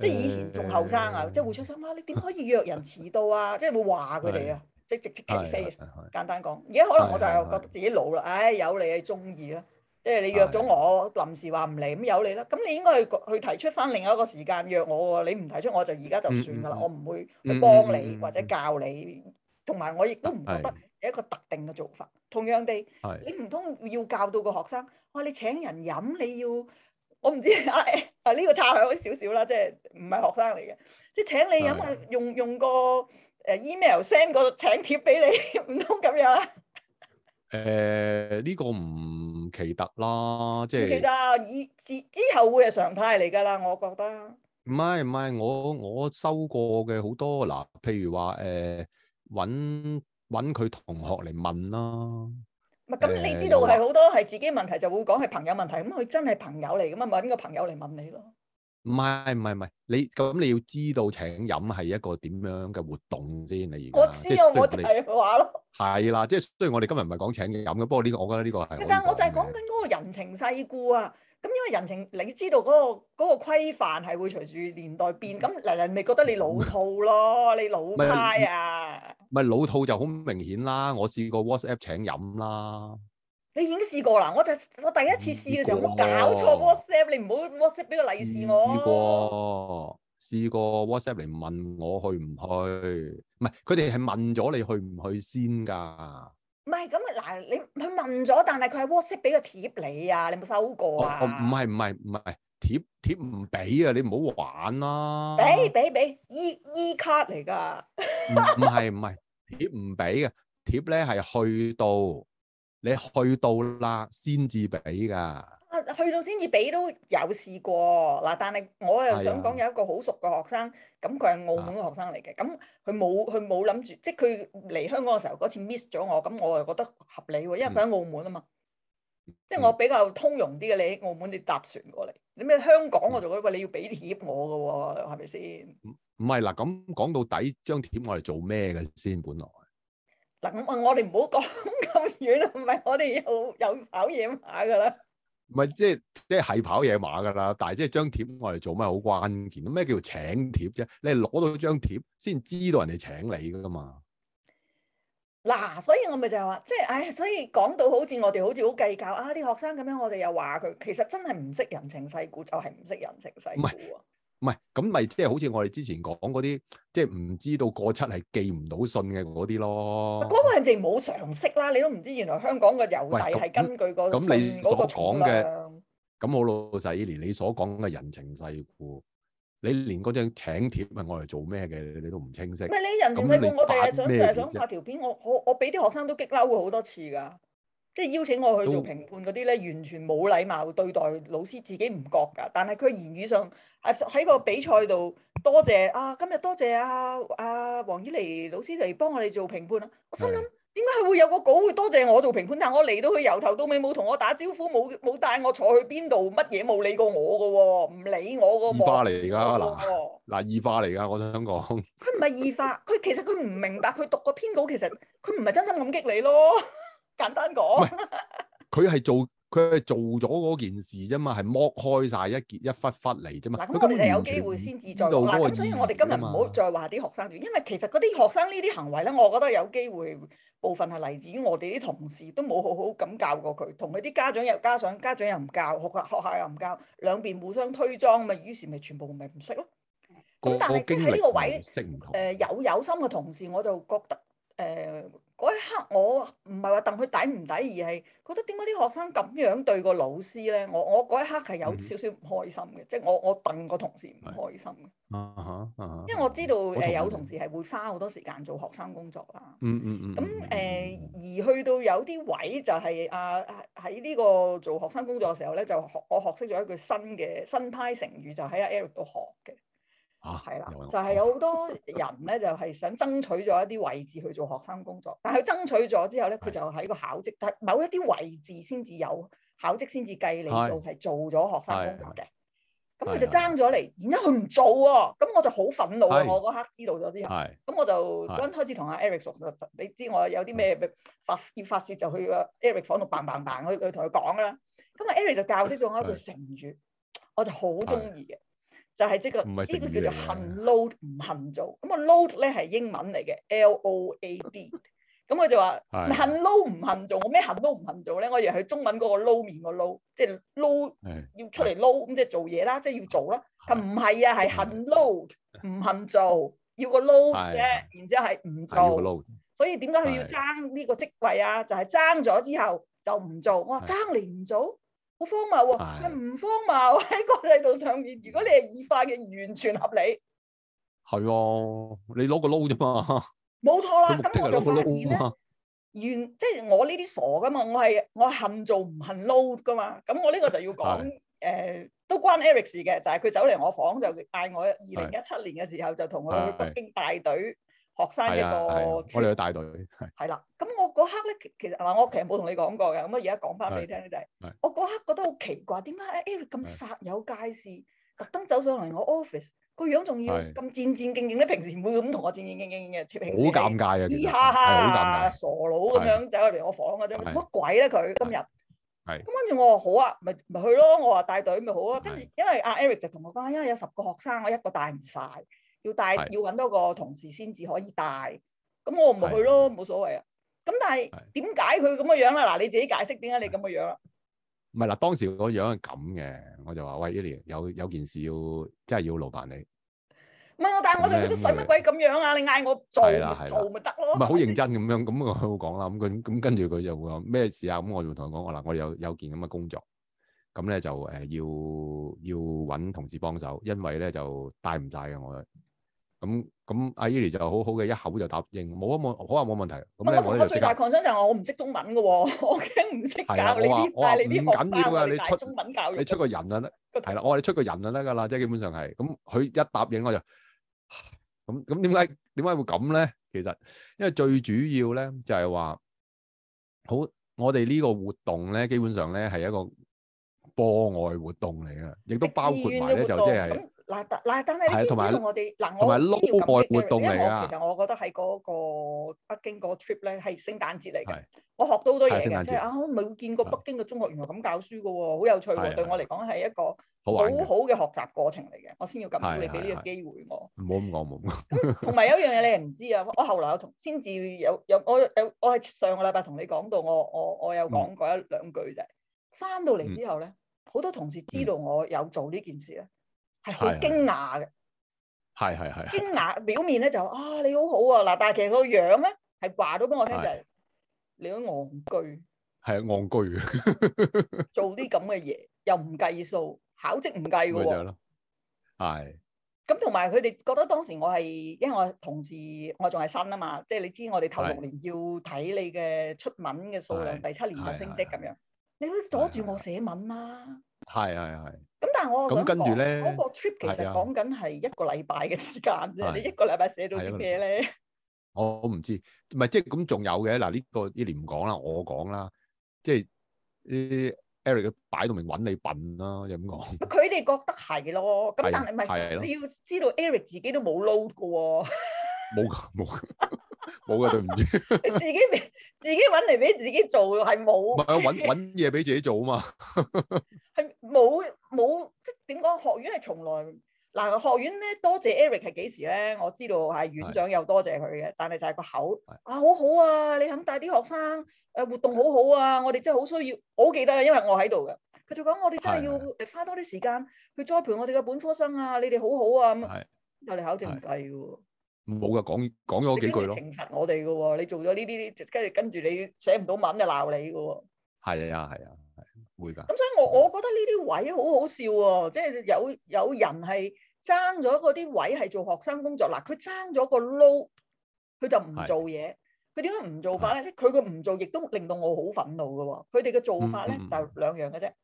即係以前仲後生啊，即係會出聲話你點可以約人遲到啊？即係會話佢哋啊，是 即係即即飛飛啊！簡單講，而家可能我就係覺得自己老啦。是 唉，有你係中意啦，即係你約咗我，是 臨時話唔嚟咁有你啦。咁你應該去去提出翻另一個時間約我喎。你唔提出我就而家就算噶啦，嗯嗯、我唔會去幫你、嗯嗯嗯、或者教你，同埋我亦都唔覺得有一個特定嘅做法。是 同樣地，是 嗯、你唔通要教到個學生？哇你請人飲你要。我唔知啊、哎、啊呢，這個差好少少啦，即係唔係學生嚟嘅，即係請你飲是的 用用個誒 email send 個請帖俾你，唔通咁樣啊？誒呢、呃，這個唔奇特啦，即係唔奇特以之之後會係常態嚟㗎啦，我覺得。唔係唔係，我我收過嘅好多嗱，譬如話誒揾揾佢同學嚟問啦。咁、嗯嗯、你知道係好多係自己問題，嗯、就會講係朋友問題。咁佢真係朋友嚟噶嘛？咪搵個朋友嚟問你咯。唔係唔係唔係，你咁你要知道請飲係一個點樣嘅活動先、啊。你我知道我提話咯。係啦，即係雖然我哋今日唔係講請飲嘅，不過呢、呢個我覺得呢個係。但係我就係講緊嗰個人情世故啊。咁因為人情，你知道嗰個嗰個規範係會隨住年代變，咁人人咪覺得你老套咯， *laughs* 你老派啊？唔係老套就好明顯啦，我試過 WhatsApp 請飲啦。你已經試過啦，我就我第一次試嘅時候，我、啊、搞錯、啊、WhatsApp，你唔好 WhatsApp 俾個利是我。試過，試過 WhatsApp 嚟問我去唔去？唔係，佢哋係問咗你去唔去先㗎。唔係咁，嗱你佢問咗，但係佢係 WhatsApp 俾個貼你啊，你有冇收過啊？唔係唔係唔係，貼貼唔俾啊！你唔好玩啦。俾俾俾，E E 卡嚟㗎。唔唔係唔係，貼唔俾嘅，貼呢係去到你去到啦先至俾㗎。啊，去到先至俾都有試過嗱，但係我又想講有一個好熟嘅學生，咁佢係澳門嘅學生嚟嘅，咁佢冇佢冇諗住，即係佢嚟香港嘅時候嗰次 miss 咗我，咁我又覺得合理喎，因為佢喺澳門啊嘛，即係我比較通融啲嘅你喺澳門你搭船過嚟，你咩香港我就覺得你要俾貼我嘅喎，係咪先？唔唔係嗱，咁講到底，張貼我係做咩嘅先？本來嗱咁啊，我哋唔好講咁遠啦，唔係我哋又又跑野馬㗎啦～咪即係即係跑野馬噶啦，但係即係張帖我哋做咩好關鍵？咩叫請帖啫？你係攞到張帖先知道人哋請你噶嘛？嗱、啊，所以我咪就話、是、即係，唉、哎，所以講到好似我哋好似好計較啊啲學生咁樣，我哋又話佢，其實真係唔識人情世故，就係唔識人情世故啊！唔係，咁咪即係好似我哋之前講嗰啲，即係唔知道過七係寄唔到信嘅嗰啲咯。嗰個係淨冇常識啦，你都唔知原來香港嘅郵遞係根據你所，嗰個量，咁我老實連你所講嘅人情世故，你連嗰張請帖係我嚟做咩嘅，你都唔清晰。唔係你人情世故，你我哋係想，係想拍條片，我我我俾啲學生都激嬲過好多次㗎。即係邀請我去做評判嗰啲咧，完全冇禮貌對待老師自己唔覺噶，但係佢言語上，喺個比賽度多謝啊，今日多謝阿阿黃伊研老師嚟幫我哋做評判啊！我心諗，點解佢會有個稿會多謝我做評判？但我嚟到佢由頭到尾冇同我打招呼，冇冇帶我坐去邊度，乜嘢冇理過我噶，唔理我噶，異化嚟噶嗱嗱異化嚟噶，我想講，佢唔係異化，佢其實佢唔明白，佢讀個編稿其實佢唔係真心感激你咯。簡單講，唔係佢係做佢係做咗嗰件事啫嘛，係剝開晒一件一忽忽嚟啫嘛。嗱，咁我哋有機會先至再做，咁所以我哋今日唔好再話啲學生住，因為其實嗰啲學生呢啲行為咧，我覺得有機會部分係嚟自於我哋啲同事都冇好好咁教過佢，同佢啲家長又加上家長又唔教，學校學校又唔教，兩邊互相推裝，咪於是咪全部咪唔識咯。咁但係即係呢個位誒有有心嘅同事，我就覺得誒。嗰一刻我唔係話戥佢抵唔抵，而係覺得點解啲學生咁樣對個老師咧？我我嗰一刻係有少少唔開心嘅，嗯、即係我我戥個同事唔開心、啊啊、因為我知道誒、呃、有同事係會花好多時間做學生工作啦。咁誒、嗯嗯嗯呃，而去到有啲位就係、是、啊喺呢個做學生工作嘅時候咧，就學我學識咗一句新嘅新派成語，就喺、是、阿 Eric 度學嘅。係啦，就係有好多人咧，就係想爭取咗一啲位置去做學生工作，但係爭取咗之後咧，佢就喺個考職，但係某一啲位置先至有考職，先至計你數係做咗學生工作嘅。咁佢就爭咗嚟，然之後佢唔做啊，咁我就好憤怒。我嗰刻知道咗之後，咁我就啱開始同阿 Eric 講，你知我有啲咩嘢要發洩就去個 Eric 房度扮扮扮去去同佢講啦。咁阿 Eric 就教識咗一句成語，我就好中意嘅。就係即、這個呢個叫做恨 load 唔恨做，咁啊 load 咧係英文嚟嘅，L O A D。咁 *laughs* 我那 me *laughs* 就話恨的 load 唔恨做，我咩恨都唔恨做咧？我以為佢中文嗰個撈面個撈，即係撈要出嚟撈，咁即係做嘢啦，即係的要做啦。佢唔係啊，係恨 load 唔恨做，要個 load 啫，然之後係唔做。所以點解佢要爭呢個職位啊？就係爭咗之後就唔做。我話爭你唔做。的好荒謬喎！唔的荒謬喺個制度上面，如果你係異化嘅，完全合理。係啊，你攞個撈啫嘛。冇錯啦，咁我就發現咧，原即係、就是、我呢啲傻噶嘛，我係我恨做唔恨撈噶嘛。咁我呢個就要講誒的、呃，都關 Eric 嘅，就係、是、佢走嚟我房就嗌我二零一七年嘅時候就同我去北京大隊。學生一個，我哋去帶隊。係啦，咁我嗰刻咧，其實嗱，我其實冇同你講過嘅，咁啊，而家講翻俾你聽就係，的我嗰刻覺得好奇怪，點解 Eric 咁煞有介事，特登走上嚟我 office 個樣仲要咁戰戰兢兢咧，平時唔會咁同我戰戰兢兢嘅，好尷尬啊！哈哈哈哈，傻佬咁樣走入嚟我房嘅啫，乜的鬼咧佢今日？係的。咁跟住我話好啊，咪咪去咯，我話帶隊咪好啊。跟住的因為阿 Eric 就同我講，因為有十個學生，我一個帶唔晒。」要帶要揾多個同事先至可以帶，咁我唔去咯，冇所謂啊。咁但係點解佢咁嘅樣啦？嗱，你自己解釋點解你咁嘅樣啦？唔係嗱，當時個樣係咁嘅，我就話：喂，Elian，有有件事要真係要勞煩你。唔係我，但係我就使乜鬼咁樣啊！你嗌我做，做咪得咯？唔係好認真咁樣，咁我好講啦，咁佢咁跟住佢就會話咩事啊？咁我就同佢講：我嗱，我有有件咁嘅工作，咁咧就誒要要揾同事幫手，因為咧就帶唔帶嘅我。咁咁，阿 Ely 就好好嘅，一口就答應，冇冇，好話冇問題。咁咧，我最大抗爭就係我唔識中文嘅、哦，我驚唔識教你啲，但你唔緊要噶，你出個中文教育你出，你出個人就得。係啦，我話你出個人就得噶啦，即係基本上係。咁佢一答應我就，咁咁點解點解會咁咧？其實因為最主要咧就係、是、話，好，我哋呢個活動咧，基本上咧係一個課外活動嚟嘅，亦都包括埋咧，就即、就、係、是。嗱，嗱，但係你知唔知道我哋，嗱，我先要活動嘅，因為其實我覺得喺嗰個北京個 trip 咧係聖誕節嚟嘅。我學到好多嘢嘅，即係啊，我咪見過北京嘅中學原來咁教書嘅喎，好有趣喎。對我嚟講係一個好好嘅學習過程嚟嘅，我先要感謝你俾呢個機會我。冇咁講，冇同埋有一樣嘢你係唔知啊？我後嚟有同先至有有我有我係上個禮拜同你講到我我我有講過一兩句啫。翻到嚟之後咧，好多同事知道我有做呢件事咧。係好驚訝嘅，係係係驚訝表面咧就啊你好好啊嗱，但係其實個樣咧係話咗俾我聽就係你好戇居，係啊戇居嘅，做啲咁嘅嘢又唔計數，考績唔計嘅喎，係咁同埋佢哋覺得當時我係因為我同事我仲係新啊嘛，即係你知我哋頭六年要睇你嘅出文嘅數量，第七年就升職咁樣，你都阻住我寫文啦，係係係。咁但係我咁跟住咧，嗰個 trip 其實講緊係一個禮拜嘅時間啫。你一個禮拜寫到啲咩咧？我唔知，唔係即係咁仲有嘅嗱，呢個依啲唔講啦，我講啦，即係啲 Eric 擺到明揾你笨咯，就咁講。佢哋覺得係咯，咁但係咪係你要知道 Eric 自己都冇 load 嘅喎，冇噶冇。冇噶，對唔住。 *laughs* *laughs* 自己俾自己揾嚟俾自己做，係冇。咪啊， *laughs* 揾揾嘢俾自己做啊嘛。係冇冇，即係點講？學院係從來嗱，學院咧多謝 Eric 係幾時咧？我知道係院長又多謝佢嘅，是但係就係個口是啊，好好啊！你肯帶啲學生誒，活動好好啊！是我哋真係好需要，我好記得，啊，因為我喺度嘅。佢就講我哋真係要誒花多啲時間的的去栽培我哋嘅本科生啊，你哋好好啊咁啊，又嚟考證唔計嘅。的的冇噶，講講咗幾句咯。懲罰我哋噶喎，你做咗呢啲，跟住跟住你寫唔到文就鬧你噶喎。係啊，係啊，啊，會噶。咁所以我我覺得呢啲位好好笑喎，哦，即、就、係、是、有有人係爭咗嗰啲位係做學生工作，嗱，佢爭咗個撈，佢就唔做嘢。佢點解唔做法咧？佢個唔做亦都令到我好憤怒噶，哦。佢哋嘅做法咧，嗯，就兩樣嘅啫。嗯，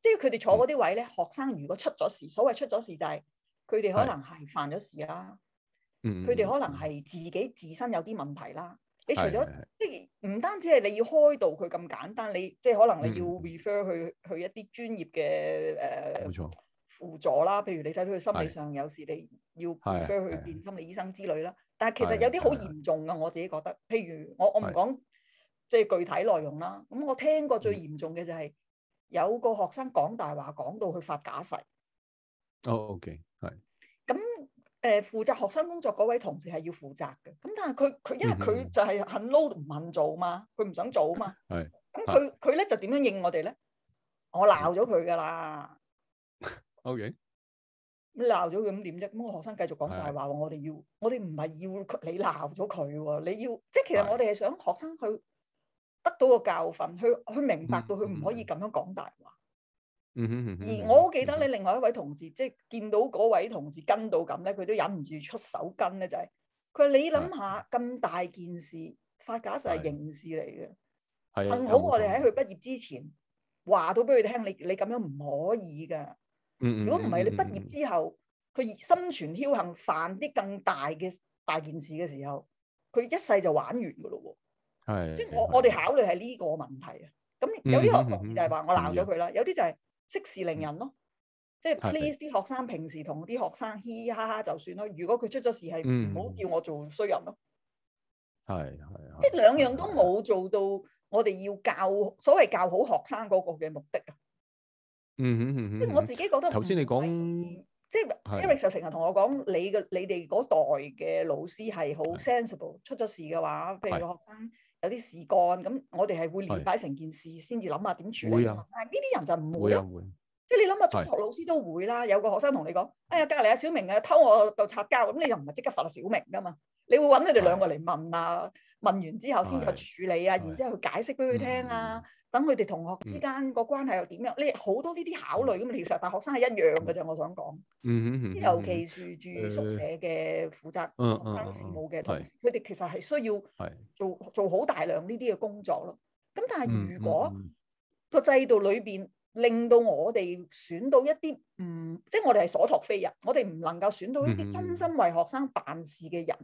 即係佢哋坐嗰啲位咧，嗯，學生如果出咗事，所謂出咗事就係佢哋可能係犯咗事啦。佢哋可能係自己自身有啲問題啦。你除咗即係唔單止係你要開導佢咁簡單，你即係可能你要 refer 去去一啲專業嘅誒，冇錯輔助啦。譬如你睇到佢心理上有時你要 refer 去見心理醫生之類啦。但係其實有啲好嚴重㗎，我自己覺得，譬如我我唔講即係具體內容啦。咁我聽過最嚴重嘅就係有個學生講大話，講到佢發假誓。哦，OK，係。誒負責學生工作嗰位同事係要負責嘅。咁但係佢佢因為佢就係肯撈唔肯做嘛，佢唔想做啊嘛。係 *laughs* 是。咁佢佢咧就點樣應我哋咧？我鬧咗佢噶啦。 *laughs* o Okay . K。鬧咗佢咁點啫？咁個學生繼續講大話喎的，我哋要我哋唔係要你鬧咗佢喎，你要即係其實我哋係想學生去得到個教訓，的去去明白到佢唔可以咁樣講大話。嗯嗯，而我好記得你另外一位同事， *noise* 即係見到嗰位同事跟到咁咧，佢都忍唔住出手跟咧，就係佢話：你諗下咁大件事，發假實係刑事嚟嘅。幸好我哋喺佢畢業之前話到俾佢聽，你你咁樣唔可以㗎。如果唔係你畢業之後，佢心存僥倖，犯啲更大嘅大件事嘅時候，佢一世就玩完㗎咯喎。即係我我哋考慮係呢個問題啊。咁有啲學學就係話我鬧咗佢啦，有啲就係、是。息事寧人咯，即係 please 啲學生，平時同啲學生嘻嘻哈哈就算咯。如果佢出咗事係，唔好叫我做衰人咯。係係、嗯，即係兩樣都冇做到，我哋要教的所謂教好學生嗰個嘅目的啊、嗯。嗯嗯嗯嗯，我自己覺得頭先你講，即係因為就成日同我講，你嘅你哋嗰代嘅老師係好 sensible，的出咗事嘅話，譬如個學生。的有啲事幹，咁我哋係會了解成件事先至諗下點處理。但係呢啲人就唔會啊，即係你諗下，中學老師都會啦。是有個學生同你講，哎呀，隔離阿小明啊，偷我度擦膠，咁你又唔係即刻罰阿小明噶嘛？你會揾佢哋兩個嚟問啊，問完之後先至去處理啊，然之後去解釋俾佢聽啊，等佢哋同學之間個關係又點樣？呢好多呢啲考慮，咁，其實大學生係一樣嘅啫。我想講，尤其是住宿舍嘅負責學生事務嘅同事，佢哋其實係需要做做好大量呢啲嘅工作咯。咁但係如果個制度裏邊令到我哋選到一啲唔，即係我哋係所託非人，我哋唔能夠選到一啲真心為學生辦事嘅人。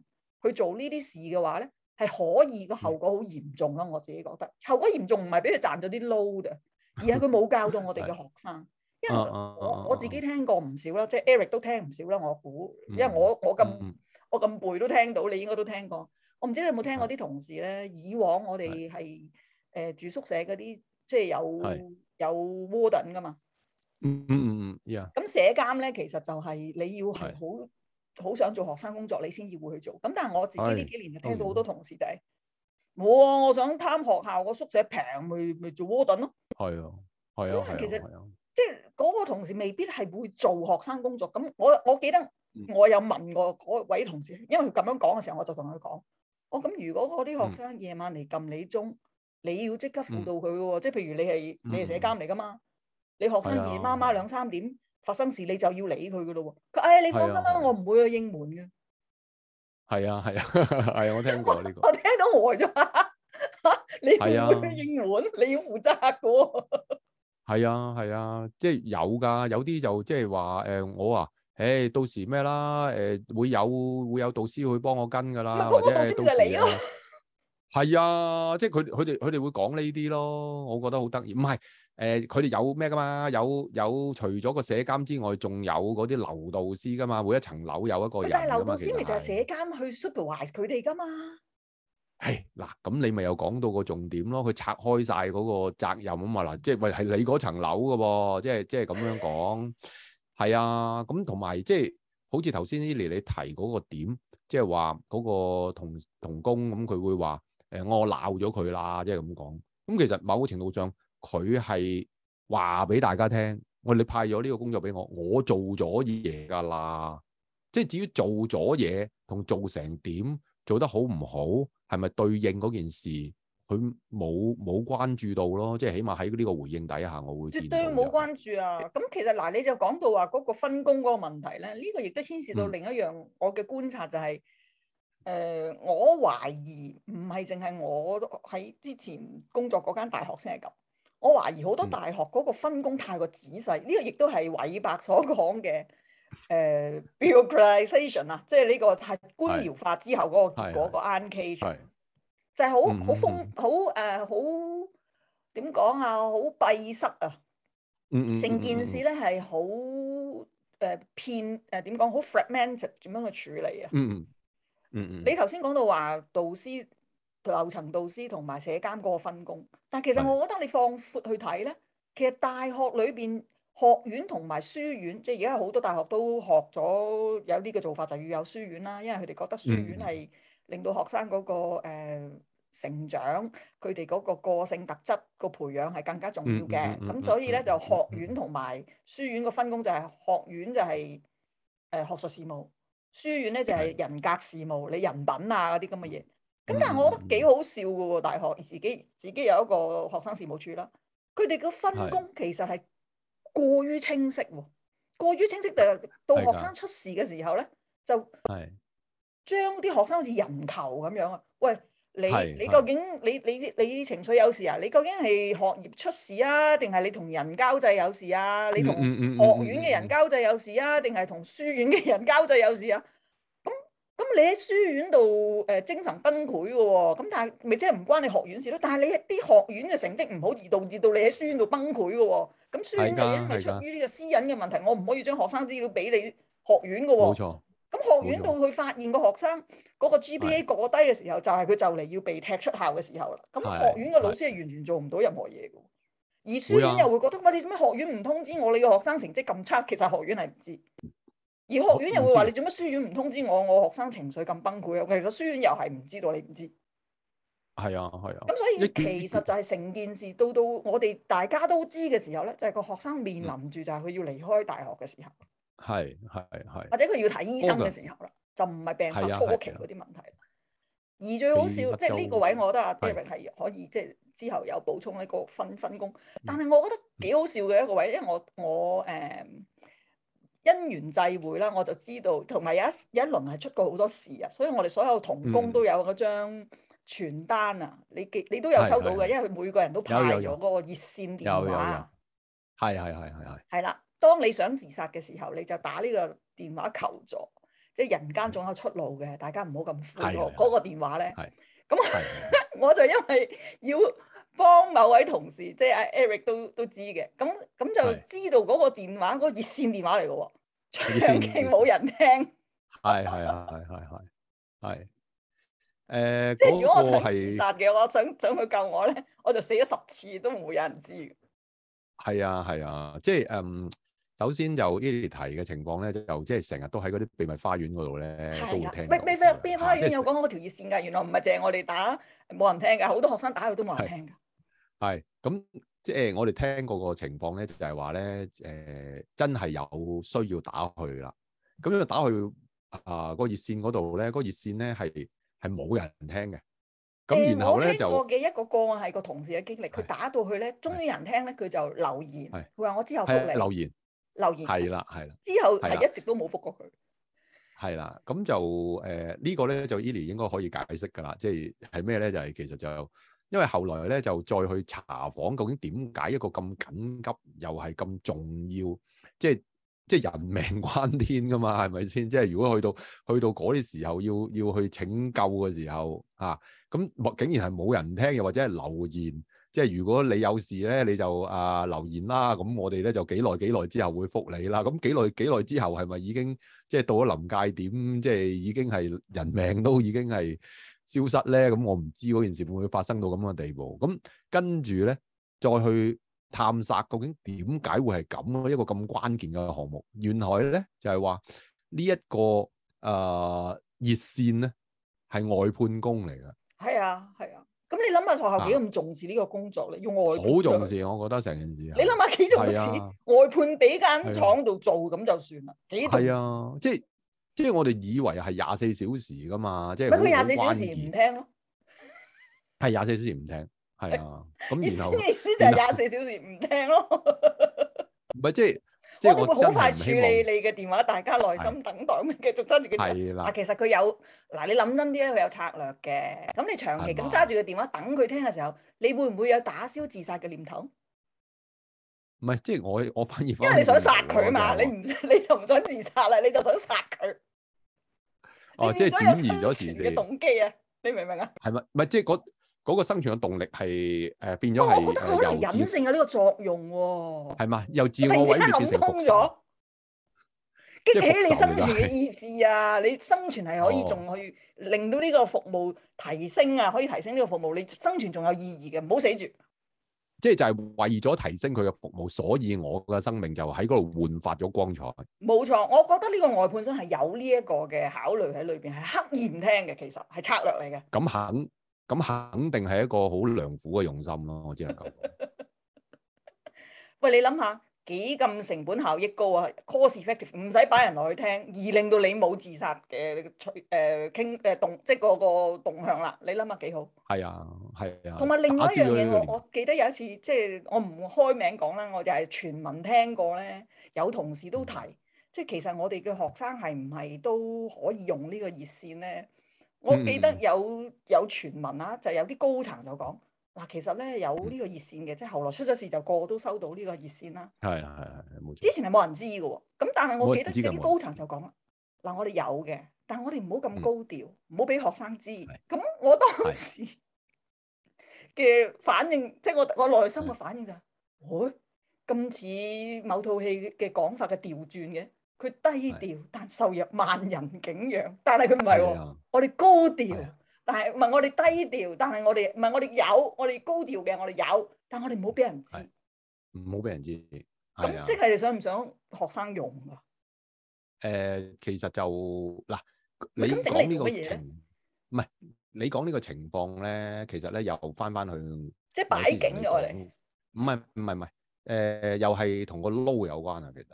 佢做呢啲事嘅話咧，係可以個後果好嚴重咯。我自己覺得後果嚴重唔係俾佢賺咗啲 load 啊，而係佢冇教到我哋嘅學生。因為我我自己聽過唔少啦，即係 Eric 都聽唔少啦。我估，因為我我咁、嗯、我咁背都聽到，你應該都聽過。我唔知你有冇聽過啲同事咧？以往我哋係誒住宿舍嗰啲，即係有有 warden 噶嘛。嗯嗯嗯 yeah 咁、嗯嗯嗯、社監咧，其實就係你要係好。好想做學生工作，你先要會去做。咁但係我自己呢幾年就聽到好多同事就係、是，啊、哎呀，我想貪學校個宿舍平，咪咪做窩頓咯。係啊，係啊、哎，係、哎、啊。其實、哎、呀即係嗰、那個同事未必係會做學生工作。咁我我記得我有問過嗰位同事，因為佢咁樣講嘅時候，我就同佢講：哦，咁如果我啲學生夜晚嚟撳理鐘，嗯、你要即刻輔導佢喎、哦。即係譬如你係、嗯、你係舍監嚟噶嘛？你學生夜媽媽兩三點？嗯嗯發生事你就要理佢噶咯喎！佢，哎，你放心啦，我唔會去應門嘅。係啊，係啊，係啊，我聽過呢個，我聽到呆咗。你唔會應門，你要負責噶。係啊，係啊，即係有噶，有啲就即係話，誒，我話，誒，到時咩啦，誒，會有會有導師去幫我跟噶啦，即係到時。係啊，即係佢佢哋佢哋會講呢啲咯，我覺得好得意。唔係。誒，佢哋、呃、有咩噶嘛？有有除咗個社監之外，仲有嗰啲樓導師噶嘛？每一層樓有一個人，但係樓導師咪就係社監去 supervise 佢哋噶嘛？係嗱、哎，咁你咪又講到個重點咯。佢拆開晒嗰個責任吖嘛。嗱，即係喂你嗰層樓噶喎，即係即係咁樣講。係 *laughs* 啊，咁同埋即係好似頭先 Lily 你提嗰個點，即係話嗰個同同工咁，佢會話誒、呃，我鬧咗佢啦，即係咁講。咁其實某個程度上。佢係話俾大家聽，喂，你派咗呢個工作俾我，我做咗嘢噶啦，即係至於做咗嘢同做成點做得好唔好，係咪對應嗰件事？佢冇冇關注到咯，即係起碼喺呢個回應底下，我會絕對冇關注啊。咁、嗯、其實嗱，你就講到話嗰個分工嗰個問題咧，呢、這個亦都牽涉到另一樣我嘅觀察就係、是，誒、嗯呃，我懷疑唔係淨係我喺之前工作嗰間大學先係咁。我懷疑好多大學嗰個分工太過仔細，呢、嗯、個亦都係韋伯所講嘅誒 bureaucratisation 啊，即係呢個太官僚化之後嗰個結果個 uncase，就係好好封好誒好點講啊，好閉塞啊，嗯成、嗯嗯、件事咧係好誒偏、呃、誒點講好、呃、fragmented，點樣去處理啊？嗯嗯嗯你頭先講到話導師、層導師同埋社監嗰個分工。但其實我覺得你放闊去睇咧，其實大學裏邊學院同埋書院，即係而家好多大學都學咗有呢個做法，就要有書院啦，因為佢哋覺得書院係令到學生嗰、嗰個、呃、成長，佢哋嗰個個性特質個培養係更加重要嘅。咁、嗯嗯嗯嗯嗯、所以咧就學院同埋書院個分工就係、係、學院就係、係、誒、呃、學術事務，書院咧就係人格事務，嗯、你人品啊嗰啲咁嘅嘢。咁、嗯嗯嗯、但係我覺得幾好笑㗎喎，大學自己自己有一個學生事務處啦，佢哋嘅分工其實係過於清晰喎，的過於清晰就到學生出事嘅時候咧，就將啲學生好似人頭咁樣啊，喂，你你，你究竟你你你，你，你情緒有事啊？你究竟係學業出事啊，定係你同人交際有事啊？你同學院嘅人交際有事啊？定係同書院嘅人交際有事啊？咁你喺書院度誒精神崩潰嘅喎、哦，咁但係咪即係唔關你學院事咯？但係你啲學院嘅成績唔好而導致到你喺書院度崩潰嘅喎、哦。咁書院就因為出於呢個私隱嘅問題，我唔可以將學生資料俾你學院嘅喎、哦。冇錯。咁學院錯到佢發現個學生嗰個 GPA 過低嘅時候，的就係佢就嚟要被踢出校嘅時候啦。係。咁學院嘅老師係完全做唔到任何嘢嘅，而書院又會覺得喂，的你做咩學院唔通知我？你個學生成績咁差，其實學院係唔知。而學院又會話：你做乜書院唔通知我？我學生情緒咁崩潰啊！其實書院又係唔知道，你唔知。係啊，係啊。咁所以其實就係成件事到到我哋大家都知嘅時候咧，就係、係、個學生面臨住就係佢要離開大學嘅時候。係係係。或者佢要睇醫生嘅時候啦，的就唔係病發、啊啊、初期嗰啲問題。啊啊、而最好笑即係呢個位，我覺得阿 David 係、啊、可以即係之後有補充一個分分工。啊、但係我覺得幾好笑嘅一個位，因為我我誒。我嗯因緣際會啦，我就知道，同埋有，有一有一輪係出過好多事啊，所以我哋所有同工都有嗰張傳單啊，嗯、你你都有收到嘅，嗯、因為佢每個人都派咗嗰個熱線電話。有，有有有。係係係係係。係啦， *laughs* 當你想自殺嘅時候，你就打呢個電話求助，即係人間總有出路嘅，嗯、大家唔好咁灰喎。嗰個電話咧，咁是 *laughs* 我就因為要。幫某位同事，即係阿 Eric 都都知嘅，咁咁就知道嗰個電話，嗰個熱線電話嚟嘅喎，長期冇人聽。係係係係係係。誒，即係如果我係殺嘅話，想想去救我咧，我就死咗十次都唔有人知。係啊係啊，即係誒，首先就呢 l i 嘅情況咧，就即係成日都喺嗰啲秘密花園嗰度咧，都冇人聽。秘秘秘秘花園有講嗰條熱線㗎，原來唔係淨我哋打冇人聽㗎，好多學生打佢都冇人聽㗎。係咁，即係我哋聽過個情況咧，就係話咧，誒，真係有需要打去啦。咁樣打去啊，個熱線嗰度咧，個熱線咧係係冇人聽嘅。咁然後咧就我聽過嘅一個個案係個同事嘅經歷，佢打到去咧，終於有人聽咧，佢就留言，佢話我之後覆你留言，留言係啦係啦，之後係一直都冇覆過佢。係啦，咁就誒呢個咧就伊研應該可以解釋噶啦，即係係咩咧？就係其實就。因為後來咧就再去查房，究竟點解一個咁緊急又係咁重要，即係即係人命關天㗎嘛，係咪先？即係如果去到去到嗰啲時候要要去拯救嘅時候嚇，咁、啊、竟然係冇人聽，又或者係留言，即係如果你有事咧，你就啊留言啦。咁我哋咧就幾耐幾耐之後會覆你啦。咁幾耐幾耐之後係咪已經即係到咗臨界點，即係已經係人命都已經係？消失咧，咁我唔知嗰件事會唔會發生到咁嘅地步。咁跟住咧，再去探索究竟點解會係咁嘅一個咁關鍵嘅項目。原來咧就係、是、話、這個呃、呢一個誒熱線咧係外判工嚟嘅。係啊係啊，咁、啊、你諗下學校幾咁重視呢個工作咧？要、啊、外好重視，我覺得成件事。你諗下幾重視、啊、外判俾間廠度做咁、啊、就算啦。係啊，即係、啊。即係我哋以為係廿四小時噶嘛，即係佢廿四小時唔聽咯，係廿四小時唔聽， *laughs* 聽，係啊，咁 *laughs* 然後呢 *laughs* 就係廿四小時唔聽咯，唔 *laughs* 係即係即係會好快處理你嘅電話，大家耐心等待，咁繼續揸住嘅。係啦， *laughs* 其實佢有嗱，你諗真啲咧，佢有策略嘅。咁你長期咁揸住個電話等佢聽嘅時候，你會唔會有打消自殺嘅念頭？唔係，即係我我反而，反而我因為你想殺佢嘛，你唔你就唔想自殺啦，你就想殺佢。哦，即係轉移咗前嘅動機啊！你明唔明啊？係咪？唔係即係嗰、嗰個生存嘅動力係誒、呃、變咗、哦。我覺得好可能隱性嘅呢、呃、個作用喎、啊。係嘛？又自我揾錢。突然間諗通咗，激起你生存嘅意志啊！你，你生存係可以仲去令到呢個服務提升啊，可以提升呢個服務，你生存仲有意義嘅，唔好死住。即係就係為咗提升佢嘅服務，所以我嘅生命就喺嗰度煥發咗光彩。冇錯，我覺得呢個外判商係有呢一個嘅考慮喺裏邊，係刻意唔聽嘅，其實係策略嚟嘅。咁肯，咁肯定係一個好良苦嘅用心咯。我只能夠。喂，你諗下。幾咁成本效益高啊？Cost-effective 唔使擺人落去聽，而令到你冇自殺嘅催誒傾誒動，即係嗰個動向啦。你諗下幾好？係啊，係啊。同埋另外一樣嘢，我我記得有一次，即、就、係、是、我唔開名講啦，我就係傳聞聽過咧，有同事都提，嗯、即係其實我哋嘅學生係唔係都可以用個熱呢個熱線咧？我記得有、嗯、有傳聞啊，就是、有啲高層就講。嗱，其實咧有呢個熱線嘅，即係後來出咗事就個，個個都收到呢個熱線啦。係係係冇錯。之前係冇人知嘅，咁但係我記得有啲高層就講啦。嗱，我哋有嘅，但係我哋唔好咁高調，唔好俾學生知。咁的我當時嘅反應，的即係我我內心嘅反應就係、是，誒的，咁似、哦、某套戲嘅講法嘅調轉嘅，佢低調的但受人萬人景仰，但係佢唔係喎，的我哋高調。的但係唔係我哋低調，但係我哋唔係我哋有，我哋高調嘅，我哋有，但我哋唔好俾人知，唔好俾人知。咁即係你想唔想學生用啊？誒，其實就嗱，你講呢個情，唔係你講呢個情況咧，其實咧又翻翻去，即係擺景我哋。唔係唔係唔係，誒又係同個撈有關啊，其實。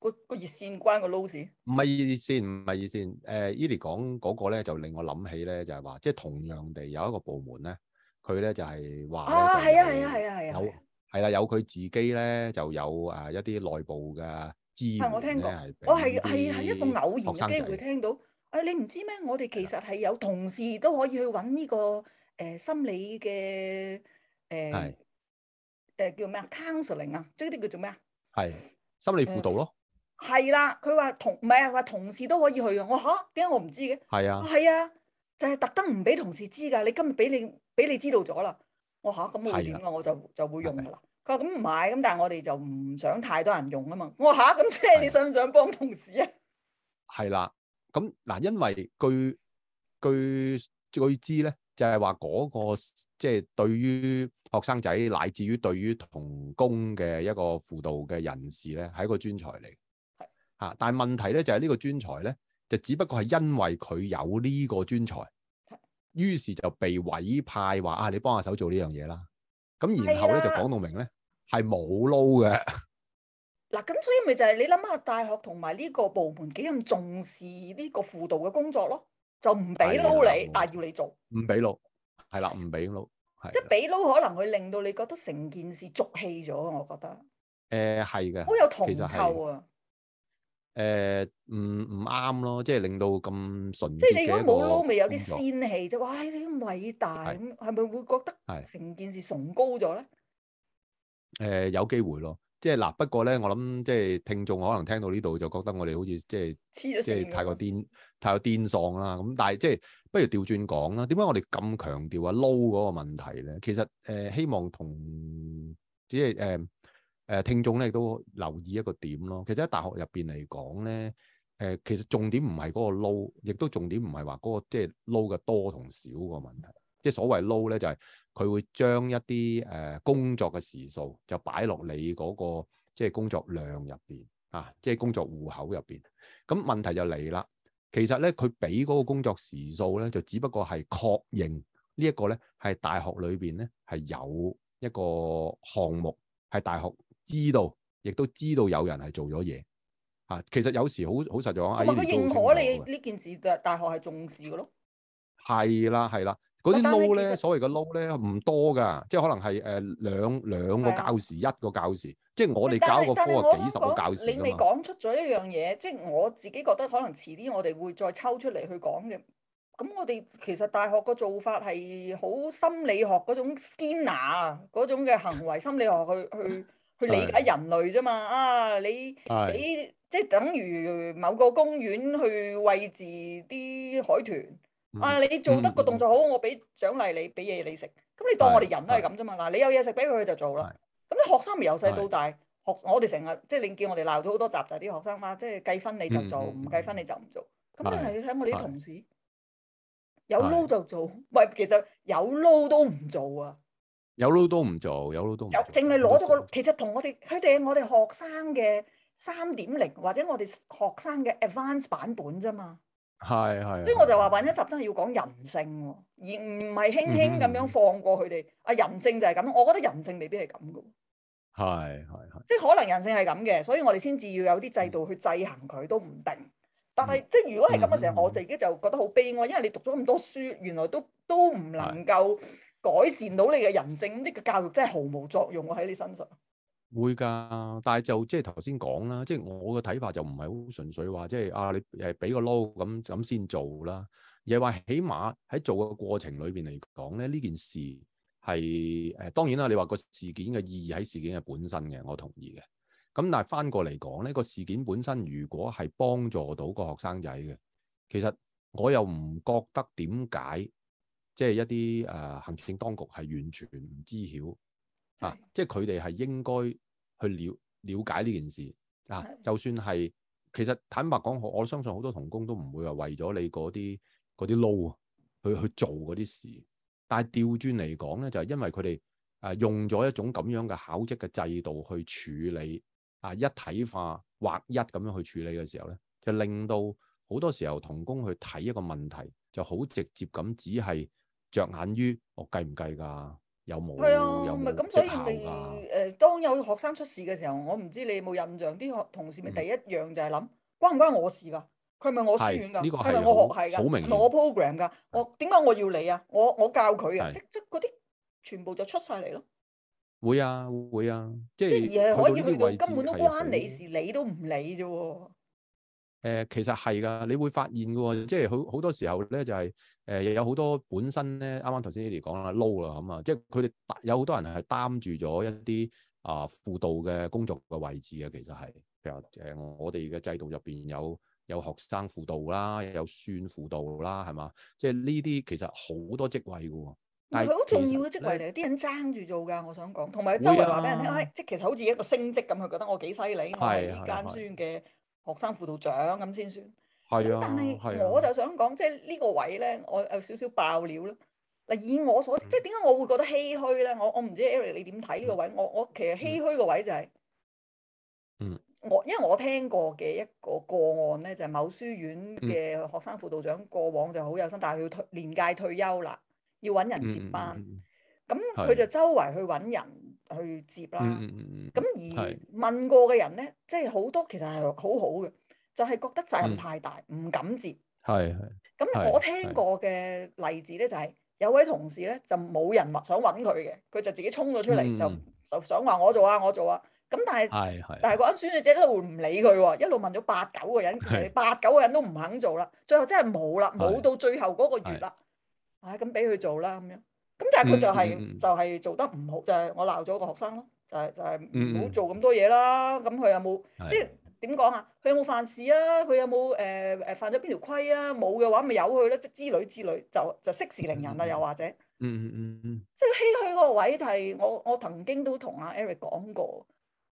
個個熱線關個 loss？唔係熱線，唔係熱線。誒，Eli 講嗰個咧，就令我諗起咧，就係話，即係同樣地有一個部門咧，佢咧就係話啊，係啊，係啊，係啊，係啊，係啦，有佢自己咧，就有誒一啲內部嘅資源。係我聽過，係我係係係一個偶然嘅機會聽到。誒，你唔知咩？我哋其實係有同事都可以去搵呢個誒心理嘅誒誒叫咩啊？counseling 啊，即係啲叫做咩啊？係心理輔導咯。係啦，佢話同唔係啊？話同事都可以去嘅。我嚇點解我唔知嘅？係啊，係的啊，就係特登唔俾同事知㗎。你今日俾你俾你知道咗啦。我嚇咁我點啊？我，的我就就會用㗎啦。佢話咁唔係咁，但係我哋就唔想太多人用啊嘛。我嚇咁即係你想唔想幫同事啊？係啦，咁嗱，因為據據據，據知咧，就係話嗰個即係、就是、對於學生仔，乃至於對於同工嘅一個輔導嘅人士咧，係一個專才嚟。吓，但係問題咧就係、是、呢個專才咧，就只不過係因為佢有呢個專才，於是，的是就被委派話啊，你幫下手做呢樣嘢啦。咁然後咧的就講到明咧，係冇撈嘅。嗱、啊，咁所以咪就係你諗下，大學同埋呢個部門幾咁重視呢個輔導嘅工作咯，就唔俾撈你，的但係要你做，唔俾撈，係啦，唔俾撈，即係俾撈可能佢令到你覺得成件事俗氣咗，我覺得。誒、呃，係嘅，好有銅臭啊！誒，唔唔啱咯，即係令到咁純潔嘅，即係你如果冇撈，咪有啲仙氣就哇、哎，你咁偉大，係咪是會覺得成件事崇高咗咧？誒、呃，有機會咯，即係嗱、啊。不過咧，我諗即係聽眾可能聽到呢度就覺得我哋好似即係即係太過癲太過癲喪啦。咁但係即係不如調轉講啦。點解我哋咁強調啊撈嗰個問題咧？其實誒、呃，希望同只係誒。誒聽眾咧亦都留意一個點咯，其實喺大學入邊嚟講咧，誒、呃、其實重點唔係嗰個 load 亦都重點唔係話嗰個即係 load 嘅多同少個問題。即係所謂 load 咧，就係、是、佢會將一啲誒、呃、工作嘅時數就擺落你嗰、那個即係工作量入邊啊，即係工作戶口入邊。咁問題就嚟啦，其實咧佢俾嗰個工作時數咧，就只不過係確認呢一個咧係大學裏邊咧係有一個項目係大學。知道，亦都知道有人係做咗嘢嚇。其實有時好好實在講，我認可你呢件事嘅大學係重視嘅咯。係啦，係啦，嗰啲 low 咧，呢所謂嘅 low 咧唔多㗎，即係可能係誒兩兩個教時，的一個教時，即係我哋搞個科幾十個教時。你未講出咗一樣嘢，即係我自己覺得可能遲啲我哋會再抽出嚟去講嘅。咁我哋其實大學個做法係好心理學嗰種 sina 啊，嗰種嘅行為心理學去去。去去理解人類啫嘛啊，你你即係等於某個公園去餵住啲海豚啊，你做得個動作好，我俾獎勵你，俾嘢你食。咁你當我哋人都係咁啫嘛。嗱，你有嘢食俾佢佢就做啦。咁啲學生咪由細到大學，我哋成日即係你見我哋鬧咗好多集就啲學生話，即係計分你就做，唔計分你就唔做。咁你係睇我哋啲同事有撈就做，唔係其實有撈都唔做啊。有老都唔做，有老都唔做。有，淨係攞咗個，其實同我哋佢哋，我哋學生嘅三點零或者我哋學生嘅 advanced 版本啫嘛。係係。所以我就話，揾一集真係要講人性，而唔係輕輕咁樣放過佢哋。嗯、啊，人性就係咁，我覺得人性未必係咁嘅。係係係。即係可能人性係咁嘅，所以我哋先至要有啲制度去制衡佢、嗯、都唔定。但係，即係如果係咁嘅時候，嗯、我自己就覺得好悲哀，因為你讀咗咁多書，原來都都唔能夠改善到你嘅人性，即係個教育真係毫無作用喎喺你身上。會㗎，但係就即係頭先講啦，即係我嘅睇法就唔係好純粹話，即係啊你誒俾個 low 咁咁先做啦，而係話起碼喺做嘅過程裏邊嚟講咧，呢件事係誒當然啦，你話個事件嘅意義喺事件嘅本身嘅，我同意嘅。咁但係翻過嚟講呢，呢個事件本身如果係幫助到個學生仔嘅，其實我又唔覺得點解，即係一啲誒行政當局係完全唔知曉啊！的即係佢哋係應該去了了解呢件事啊。的就算係，其實坦白講，我相信好多同工都唔會話為咗你嗰啲嗰啲撈去去做嗰啲事。但係調轉嚟講咧，就係因為佢哋誒用咗一種咁樣嘅考績嘅制度去處理。啊，一體化或一咁樣去處理嘅時候咧，就令到好多時候同工去睇一個問題，就好直接咁，只係着眼於我計唔計㗎，有冇係啊？唔係咁，所以咪誒，當有學生出事嘅時候，我唔知你有冇印象啲學同事咪第一樣就係諗關唔關我事㗎？佢係咪我書院㗎？係咪、這個、我學係㗎？係咪很的我 program 㗎？我點解我要你啊？我我教佢啊是，即即嗰啲全部就出晒嚟咯。會啊會啊，即係佢嗰可以去到根本都關你事，很你都唔理啫。誒、呃，其實係噶，你會發現噶，即係好好多時候咧，就係、是、誒、呃、有好多本身咧，啱啱頭先你哋講啦，撈啦咁啊，即係佢哋有好多人係擔住咗一啲啊、呃、輔導嘅工作嘅位置啊。其實係譬如誒、呃、我哋嘅制度入邊有有學生輔導啦，有算輔導啦，係嘛？即係呢啲其實好多職位噶。佢好重要嘅職位嚟，啲人爭住做噶。我想講，同埋佢周圍話俾人聽，即係其實好似一個升職咁，佢覺得我幾犀利，我喺呢間書院嘅學生輔導長咁先算。係啊，但係我就想講，即係呢個位咧，我有少少爆料啦。嗱，以我所即係點解我會覺得唏噓咧？我我唔知 Eric 你點睇呢個位？我我其實唏噓個位就係，嗯，我因為我聽過嘅一個個案咧，就係某書院嘅學生輔導長過往就好有心，但係佢要退年屆退休啦。要揾人接班，咁佢就周圍去揾人去接啦。咁而問過嘅人咧，即係好多，其實係好好嘅，就係覺得責任太大，唔敢接。係係。咁我聽過嘅例子咧，就係有位同事咧，就冇人話想揾佢嘅，佢就自己衝咗出嚟，就就想話我做啊，我做啊。咁但係但係嗰啲孫小姐一路唔理佢喎，一路問咗八九個人，八九個人都唔肯做啦，最後真係冇啦，冇到最後嗰個月啦。唉，咁俾佢做啦，咁樣，咁就係、是、佢、嗯嗯、就係就係做得唔好，就係、是、我鬧咗個學生咯，就係、是、就係唔好做咁多嘢啦。咁佢、嗯、有冇的即係點講啊？佢有冇犯事啊？佢有冇誒誒犯咗邊條規啊？冇嘅話咪由佢咯，即、就、係、是、之類之類，就就適時令人啦，又或者，嗯嗯嗯嗯，嗯嗯即係唏噓嗰個位就係、是、我我曾經都同阿 Eric 講過，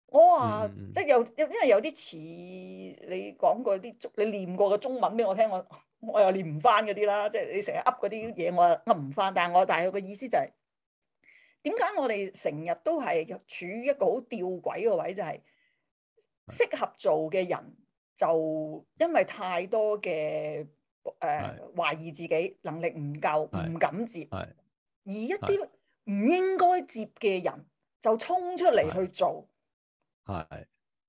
我話、嗯嗯嗯、即係有因為有啲似你講過啲你，你念過嘅中文俾我聽我。我又念唔翻嗰啲啦，即、就、係、是、你成日噏嗰啲嘢，我又噏唔翻。但係我大概嘅意思就係、是，點解我哋成日都係處於一個好吊詭嘅位？就係、是、適合做嘅人就因為太多嘅誒、呃、是懷疑自己能力唔夠，唔是敢接；而一啲唔應該接嘅人就衝出嚟去做。係。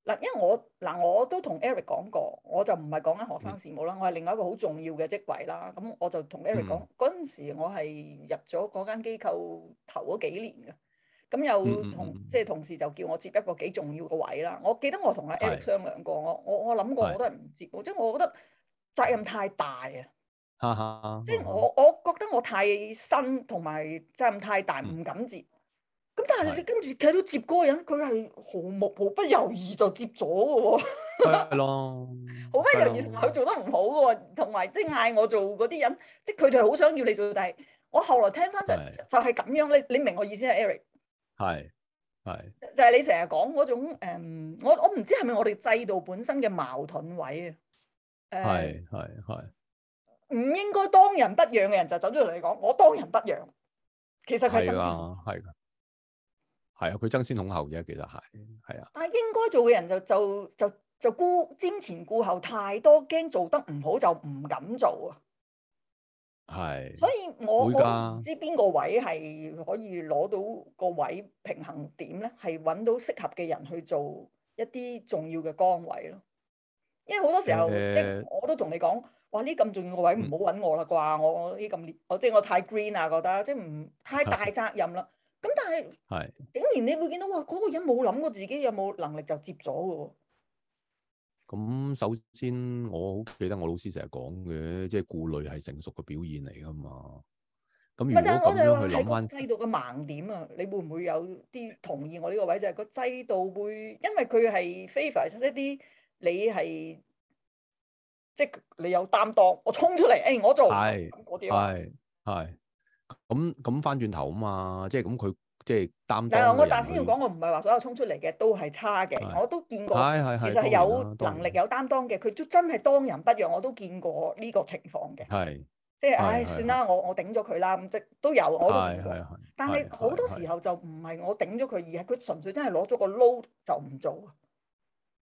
嗱，因為我嗱，我都同 Eric 講過，我就唔係講緊學生事務啦，嗯、我係另外一個好重要嘅職位啦。咁我就同 Eric 講，嗰陣、嗯、時我係入咗嗰間機構頭嗰幾年嘅，咁有同、嗯、即係同事就叫我接一個幾重要嘅位啦。我記得我同阿 Eric 商量過，我我我諗過我都係唔接，即係是我覺得責任太大啊！即係哈我我覺得我太新，同埋責任太大，唔敢接。嗯咁但係你跟住睇到接嗰個人，佢係毫無毫不猶豫就接咗嘅喎，係 *laughs* 咯了，毫不猶豫同埋佢做得唔好喎，同埋即係嗌我做嗰啲人，即係佢哋好想要你做到。但係我後來聽翻就就係咁樣咧，了你明我意思係 Eric？係係就係你成日講嗰種、嗯、我是是我唔知係咪我哋制度本身嘅矛盾位啊？係係係唔應該當仁不讓嘅人就走出嚟講，我當仁不讓，其實佢係真事，係啊，佢爭先恐後嘅，其實係，係啊。但係應該做嘅人就就就就顧瞻前顧後太多，驚做得唔好就唔敢做啊。係的。所以我我唔知邊個位係可以攞到個位平衡點咧，係搵到適合嘅人去做一啲重要嘅崗位咯。因為好多時候，即係、呃、我都同你講，哇！呢咁重要嘅位唔好搵我啦啩，我我呢咁，我即係我太 green 啊，覺得即係唔太大責任啦。咁但係，竟然你會見到哇，嗰個人冇諗過自己有冇能力就接咗嘅。咁首先，我好記得我老師成日講嘅，即係顧慮係成熟嘅表現嚟噶嘛。咁如果咁樣去諗翻制度嘅盲點啊，你會唔會有啲同意我呢個位？就係個制度會，因為佢係 favor 一啲你係，即係你有擔當，我衝出嚟，誒，我做，係嗰啲，係係。咁咁返轉頭啊嘛，即係咁佢即係擔當。但係我頭先要講，我唔係話所有衝出嚟嘅都係差嘅，我都見過。其實，係係，有能力有擔當嘅，佢都真係當仁不讓。我都見過呢個情況嘅，係即係唉，算啦，我我頂咗佢啦。咁即都有，我都。係但係好多時候就唔係我頂咗佢，而係佢純粹真係攞咗個 load 就唔做。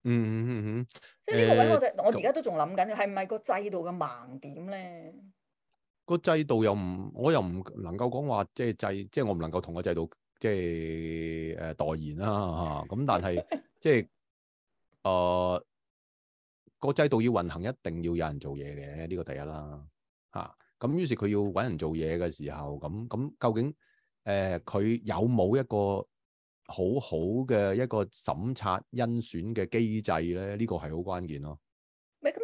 嗯嗯嗯嗯。即係呢個位，我就我而家都仲諗緊，係唔係個制度嘅盲點咧？個制度又唔，我又唔能夠講話即係制，即係我唔能夠同個制度即係誒代言啦吓。咁、呃、 *laughs* 但係即係誒、呃、個制度要運行，一定要有人做嘢嘅，呢、這個第一啦吓。咁、啊、於是佢要搵人做嘢嘅時候，咁、嗯、咁、嗯、究竟誒佢、呃、有冇一個好好嘅一個審查甄選嘅機制咧？呢、這個係好關鍵咯。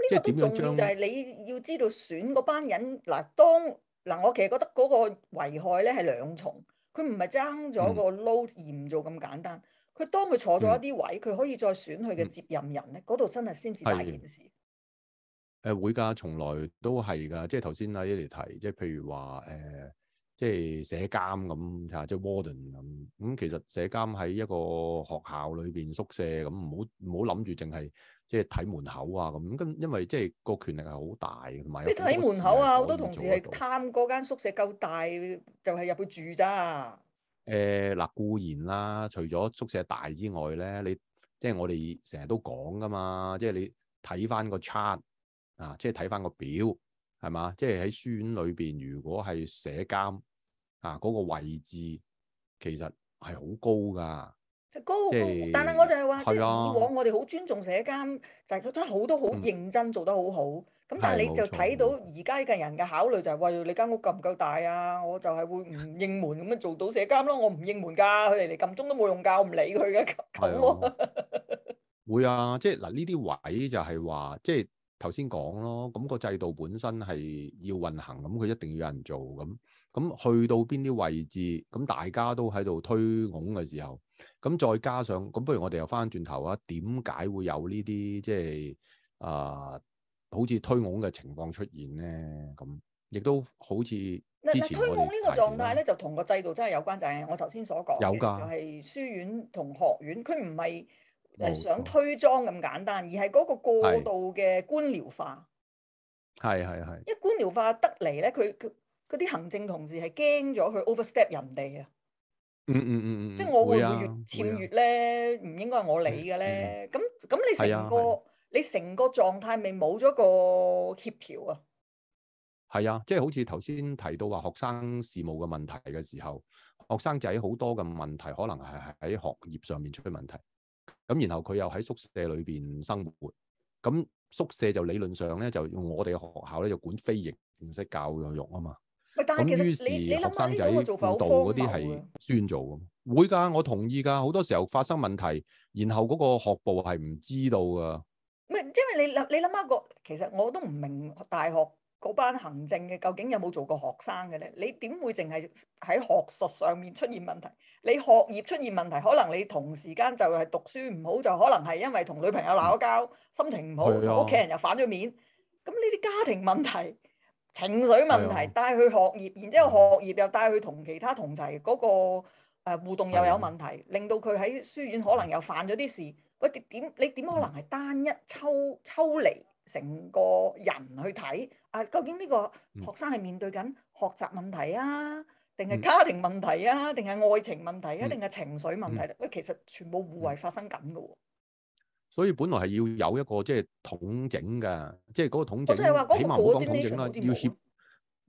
即係點重要就係你要知道選嗰班人嗱，嗯、當嗱、呃，我其實覺得嗰個危害咧係兩重，佢唔係爭咗個 load 而唔做咁簡單。佢當佢坐咗一啲位，佢、嗯、可以再選佢嘅接任人咧，嗰度、嗯、真係先至大件事。誒，會噶，從來都係噶。即係頭先阿一嚟提，即係譬如話誒、呃，即係舍監咁吓，即係 Warden 咁。咁其實舍監喺一個學校裏邊宿舍咁，唔好唔好諗住淨係。即係睇門口啊咁，跟因為即係個權力係好大，同埋，你睇門口啊，好多事、啊、同事係貪嗰間宿舍夠大，就係、是、入去住咋。誒嗱、呃，固然啦，除咗宿舍大之外咧，你即係我哋成日都講噶嘛，即係你睇翻個 chart 啊，即係睇翻個表係嘛？即係喺書院裏邊，如果係舍監啊嗰、那個位置，其實係好高㗎。高，即但係我就係話，啊、即以往我哋好尊重社監，嗯、就係覺得好多好認真、嗯、做得好好。咁、嗯、但係你就睇到而家嘅人嘅考慮就係、是，是嗯、喂，你間屋夠唔夠大啊？我就係會唔應門咁樣，做到社監咯，我唔應門噶，佢哋嚟撳鐘都冇用噶，我唔理佢嘅咁咯。啊 *laughs* 會啊，即係嗱呢啲位就係話，即係頭先講咯。咁個制度本身係要運行，咁佢一定要有人做咁。咁去到邊啲位置，咁大家都喺度推拱嘅時候，咁再加上咁，不如我哋又返轉頭啊？點解會有呢啲即係啊、呃，好似推拱嘅情況出現咧？咁亦都好似支其實推拱呢個狀態咧，就同個制度真係有關，就係、是、我頭先所講。有噶的，就係書院同學院，佢唔係誒想推裝咁簡單，錯而係嗰個過度嘅官僚化。係係係，一官僚化得嚟咧，佢佢。嗰啲行政同事係驚咗去 overstep 人哋啊、嗯！嗯嗯嗯嗯，即係我會越跳越咧，唔、啊啊、應該係我理嘅咧。咁咁、嗯，你成個、啊啊、你成個狀態咪冇咗個協調啊？係啊，即係好似頭先提到話學生事務嘅問題嘅時候，學生仔好多嘅問題可能係喺學業上面出問題。咁然後佢又喺宿舍裏邊生活，咁宿舍就理論上咧就用我哋嘅學校咧就管非營形式教育啊嘛。咁於是，你你諗下學生仔做否科做輔導嗰啲係專做嘅，會㗎，我同意㗎。好多時候發生問題，然後嗰個學部係唔知道㗎。唔係，因為你諗，你諗下個其實我都唔明，大學嗰班行政嘅究竟有冇做過學生嘅咧？你點會淨係喺學術上面出現問題？你學業出現問題，可能你同時間就係讀書唔好，就可能係因為同女朋友鬧交，嗯、心情唔好，屋企的人又反咗面，咁呢啲家庭問題。情緒問題帶去學業，然之後學業又帶去同其他同儕嗰個誒互動又有問題，令到佢喺書院可能又犯咗啲事。喂，點你點可能係單一抽抽離成個人去睇？啊，究竟呢個學生係面對緊學習問題啊，定係家庭問題啊，定係愛情問題啊，定係情緒問題咧？喂，其實全部互為發生緊㗎喎。所以本來係要有一個即係統整嘅，即係嗰個統整，那個、起碼唔好講統整啦，個要協，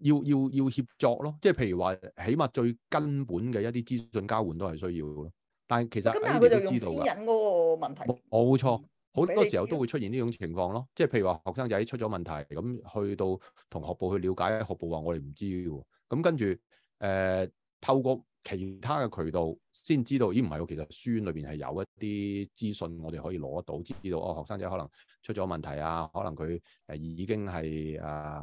要要要協作咯。即係譬如話，起碼最根本嘅一啲資訊交換都係需要㗎咯。但係其實咁，但係佢就用私隱嗰個問題。冇錯，好多時候都會出現呢種情況咯。即係譬如話，學生仔出咗問題，咁去到同學部去了解，學部話我哋唔知喎。咁跟住，誒、呃、透過其他嘅渠道。先知道咦唔係，其實書院裏邊係有一啲資訊我哋可以攞到，知道哦學生仔可能出咗問題啊，可能佢誒已經係誒啊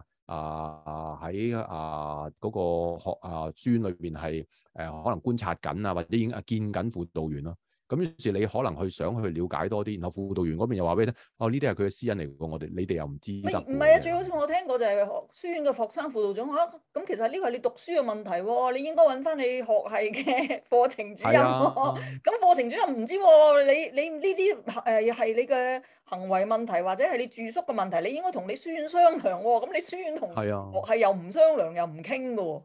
喺啊嗰個學啊書院裏邊係誒可能觀察緊啊，或者已經啊見緊輔導員咯。咁於是你可能去想去了解多啲，然後輔導員嗰邊又話俾你聽，哦呢啲係佢嘅私隱嚟嘅，我哋你哋又唔知。唔係啊，麼最好似我聽過就係、是、學書院嘅學生輔導長嚇，咁、啊、其實呢個係你讀書嘅問題喎、哦，你應該揾翻你學系嘅課程主任、哦。係咁、啊、課程主任唔知喎、哦，你你呢啲誒係你嘅行為問題或者係你住宿嘅問題，你應該同你書院商量喎、哦。咁你書院同學系又唔商量、啊、又唔傾嘅。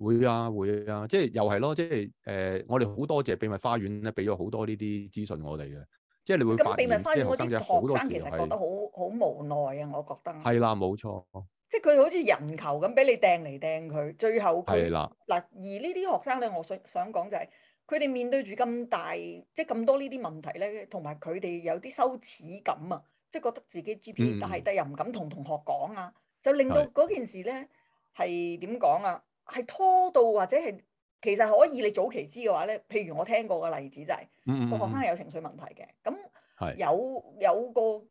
會啊，會啊，即係又係咯，即係誒，我哋好多謝秘密花園咧，俾咗好多呢啲資訊我哋嘅，即係你會發，即係學生好多時係。學生其實覺得好好無奈啊，我覺得係啦，冇錯，即係佢好似人球咁俾你掟嚟掟佢，最後佢係啦嗱。的而呢啲學生咧，我想我想講就係佢哋面對住咁大，即係咁多呢啲問題咧，同埋佢哋有啲羞恥感啊，即係覺得自己 G P，但係、嗯、但又唔敢同同學講啊，就令到嗰件事咧係點講啊？是係拖到或者係其實可以你早期知嘅話咧，譬如我聽過個例子就係、是、個、嗯嗯、學生係有情緒問題嘅，咁有是有個誒、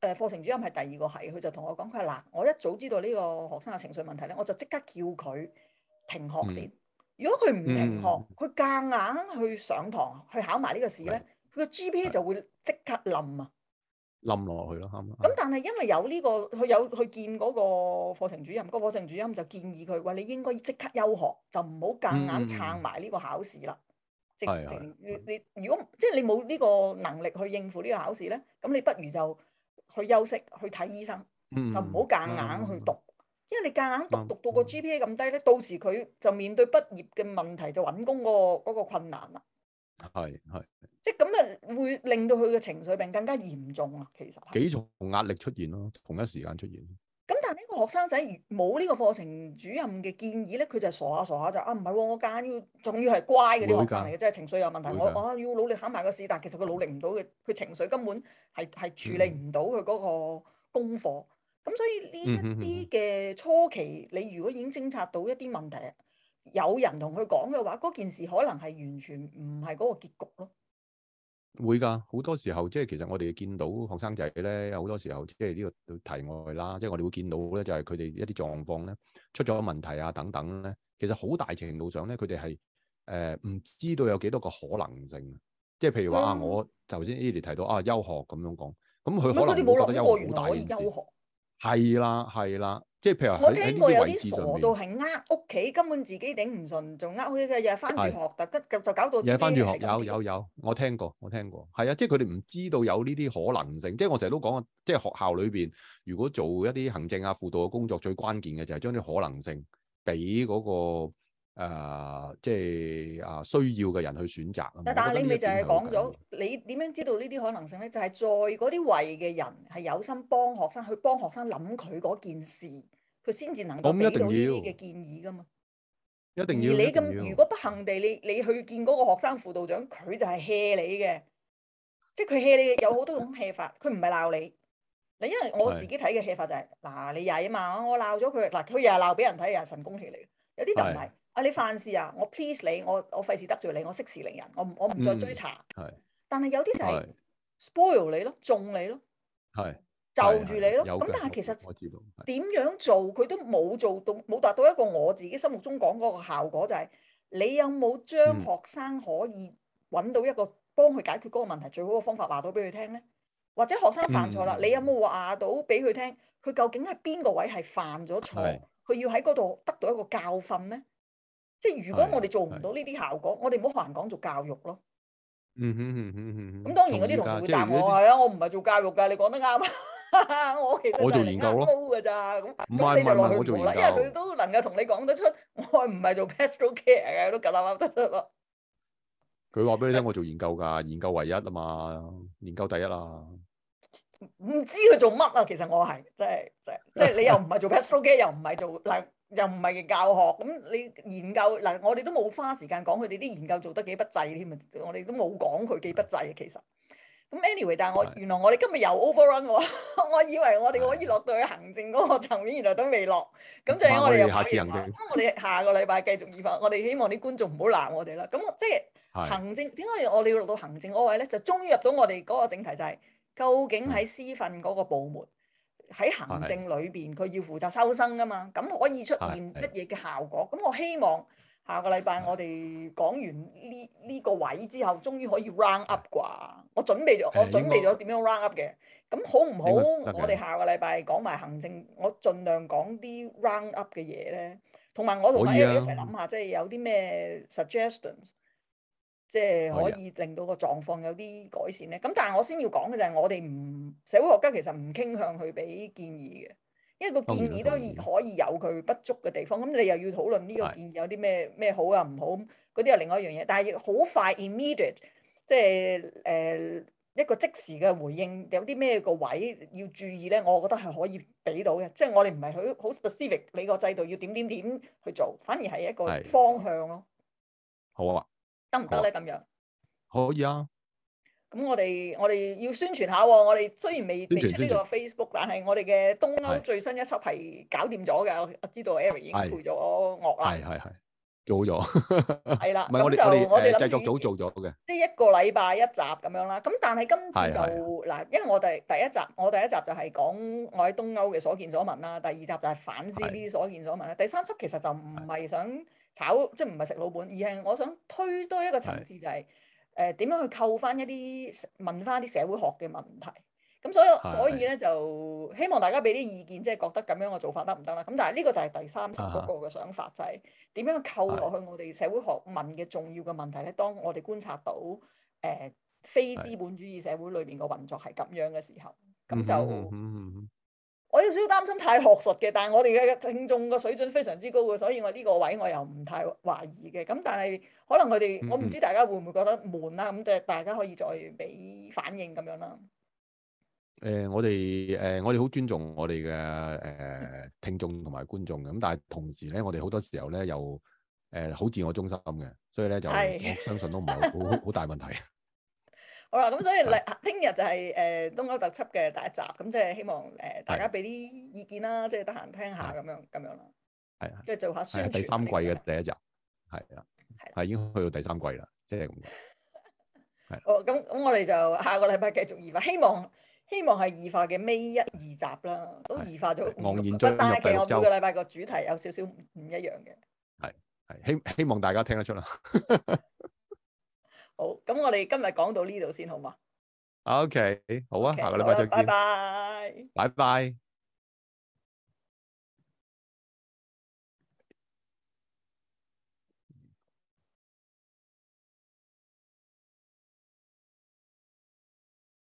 呃、課程主任係第二個係，佢就同我講佢話嗱，我一早知道呢個學生有情緒問題咧，我就即刻叫佢停學先。嗯、如果佢唔停學，佢、嗯、夾硬去上堂去考埋呢個試咧，佢個 GPA 就會即刻冧啊！冧落去咯，係咪？咁、嗯、但係因為有呢、呢個，佢有去見嗰個課程主任，個課程主任就建議佢話你應該即刻休學，就唔好夾硬撐埋呢個考試啦。即係你你如果即係你冇呢個能力去應付呢個考試咧，咁你不如就去休息，去睇醫生，嗯、就唔好夾硬去讀，嗯嗯嗯、因為你夾硬讀讀到個 GPA 咁低咧，到時佢就面對畢業嘅問題就搵工、個嗰、個困難啦。係係，即係咁啊，會令到佢嘅情緒病更加嚴重啊！其實幾重壓力出現咯，同一時間出現。咁但係呢個學生仔，冇呢個課程主任嘅建議咧，佢就傻下傻下就啊，唔係、啊、我揀要，仲要係乖嗰啲的學生嚟嘅，即係情緒有問題，的我我要努力考埋個試，但係其實佢努力唔到嘅，佢情緒根本係係處理唔到佢嗰個功課。咁、嗯、所以呢一啲嘅初期，你如果已經偵察到一啲問題。有人同佢講嘅話，嗰件事可能係完全唔係嗰個結局咯。會㗎，好多時候即係其實我哋見到學生仔咧，有好多時候即係呢個題外啦。即係我哋會見到咧，就係佢哋一啲狀況咧出咗問題啊等等咧。其實好大程度上咧，佢哋係誒唔知道有幾多個可能性。即係譬如話，嗯、我頭先 Eddie 提到啊，休學咁樣講，咁佢可能會覺得休學好大件事。係啦、嗯，係、嗯、啦。嗯即係譬如話，我聽過有啲傻到係呃屋企，根本自己頂唔順，仲呃佢嘅日日翻住學，特吉是就，就搞到就有。日翻住學，有有有，我聽過，我聽過，係啊，即係佢哋唔知道有呢啲可能性。即係我成日都講啊，即係學校裏邊如果做一啲行政啊、輔導嘅工作，最關鍵嘅就係將啲可能性俾嗰、嗰個。誒，即係啊，需要嘅人去選擇。但係你咪就係講咗，你點樣知道呢啲可能性咧？就係、是、在嗰啲為嘅人係有心幫學生去幫學生諗佢嗰件事，佢先至能夠俾到呢啲嘅建議噶嘛一。一定要。而你咁，如果不幸地，你你去見嗰個學生輔導長，佢就係 hea 你嘅，即係佢 hea 你有好多種 hea 法，佢唔係鬧你。嗱，因為我自己睇嘅 hea 法就係、是、嗱，的你曳啊嘛，我鬧咗佢，嗱，佢又係鬧俾人睇，又係神功戲嚟嘅，有啲就唔係的。啊、你犯事啊！我 please 你，我我費事得罪你，我息事寧人，我唔我唔再追查。係、嗯，但係有啲就係 spoil 你咯，縱你咯，係就住你咯。咁但係其實點樣做，佢都冇做到，冇達到一個我自己心目中講嗰個效果、就係，就係你有冇將學生可以揾到一個幫佢解決嗰個問題、嗯、最好嘅方法話到俾佢聽咧？或者學生犯錯啦，嗯、你有冇話到俾佢聽，佢究竟係邊個位係犯咗錯，佢、嗯、要喺嗰度得到一個教訓咧？即係如果我哋做唔到呢啲效果，的我哋唔好學人講做教育咯。嗯哼嗯哼嗯嗯嗯。咁當然嗰啲同事會答我係啊、哎，我唔係做教育㗎，你講得啱。 *laughs* 我其實我做研究咯，嘅咋咁唔係問我做研究，因為佢都能夠同你講得出，我唔係做 pastoral care 嘅都咁啱得得啦。佢話俾你聽，的我做研究㗎，研究唯一啊嘛，研究第一啦。唔 *laughs* 知佢做乜啊？其實我係即係即係你又唔係做 pastoral care，又唔係做嗱。 *laughs* *laughs* 又唔係嘅教學，咁你研究嗱、呃，我哋都冇花時間講佢哋啲研究做得幾不濟添啊！我哋都冇講佢幾不濟啊，其實。咁 anyway，但係我的原來我哋今日又 overrun 喎、哦， *laughs* 我以為我哋可以落到去行政嗰個層面，原來都未落。咁就係我哋又可以話。咁我哋下個禮拜繼續議法。我哋希望啲觀眾唔好鬧我哋啦。咁即係行政點解要我哋要落到行政嗰位咧？就終於入到我哋嗰個正題就係、是，究竟喺私訓嗰個部門。喺行政裏邊，佢要負責收生㗎嘛，咁可以出現乜嘢嘅效果？咁我希望下個禮拜我哋講完呢呢、呢個位之後，終於可以 round up 啩。我準備咗，的我準備咗點樣 round up 嘅。咁好唔好？我哋下個禮拜講埋行政，我盡量講啲 round up 嘅嘢咧。同埋我同 A A 一齊諗下，啊、即係有啲咩 suggestions。即係可以令到個狀況有啲改善咧。咁但係我先要講嘅就係我哋唔社會學家其實唔傾向去俾建議嘅，因為個建議都可以有佢不足嘅地方。咁你又要討論呢個建議有啲咩咩好啊唔好？嗰啲係另外一樣嘢。但係好快 immediate，即係誒、呃、一個即時嘅回應，有啲咩個位要注意咧？我覺得係可以俾到嘅。即係我哋唔係好好 specific，你個制度要點點點去做，反而係一個方向咯。好啊。得唔得咧？咁樣可以啊。咁我哋我哋要宣傳下，我哋雖然未未出呢個 Facebook，但係我哋嘅東歐最新一輯係搞掂咗嘅。我知道 Eric 已經配咗樂啦，係係係做好咗。係啦，咁就我哋製作組做咗嘅，即係一個禮拜一集咁樣啦。咁但係今次就嗱，因為我第第一集我第一集就係講我喺東歐嘅所見所聞啦，第二集就係反思呢啲所見所聞啦，第三輯其實就唔係想。即係唔係食老本，而係我想推多一個層次，就是，就係誒點樣去扣翻一啲問翻啲社會學嘅問題。咁所以是所以咧，是就希望大家俾啲意見，即、就、係、是、覺得咁樣嘅做法得唔得啦？咁但係呢個就係第三層嗰個嘅想法，就係點樣去扣落去我哋社會學問嘅重要嘅問題咧？當我哋觀察到誒、呃、非資本主義社會裏邊嘅運作係咁樣嘅時候，咁是就。嗯哼哼哼哼我有少少擔心太學術嘅，但係我哋嘅聽眾個水準非常之高嘅，所以我呢個位我又唔太懷疑嘅。咁但係可能佢哋，嗯嗯，我唔知大家會唔會覺得悶啦、啊？咁即係大家可以再俾反應咁樣啦。誒、呃，我哋誒、呃，我哋好尊重我哋嘅誒聽眾同埋觀眾嘅。咁但係同時咧，我哋好多時候咧又誒好自我中心咁嘅，所以咧就是我相信都唔係好好好大問題。好啦，咁所以嚟聽日就係誒東歐特輯嘅第一集，咁即係希望誒大家俾啲意見啦，即係得閒聽下咁樣咁樣啦，係跟住做下宣傳。第三季嘅第一集，係啦，係已經去到第三季啦，即係咁樣，係。好，咁咁我哋就下個禮拜繼續異化，希望希望係異化嘅尾一二集啦，都異化咗唔同但係其實，我每個禮拜個主題有少少唔一樣嘅，係係希希望大家聽得出啦。好，咁我哋今日講到呢度先，好嘛？OK，好啊，okay, 下個禮拜再見，啊，拜拜，拜拜。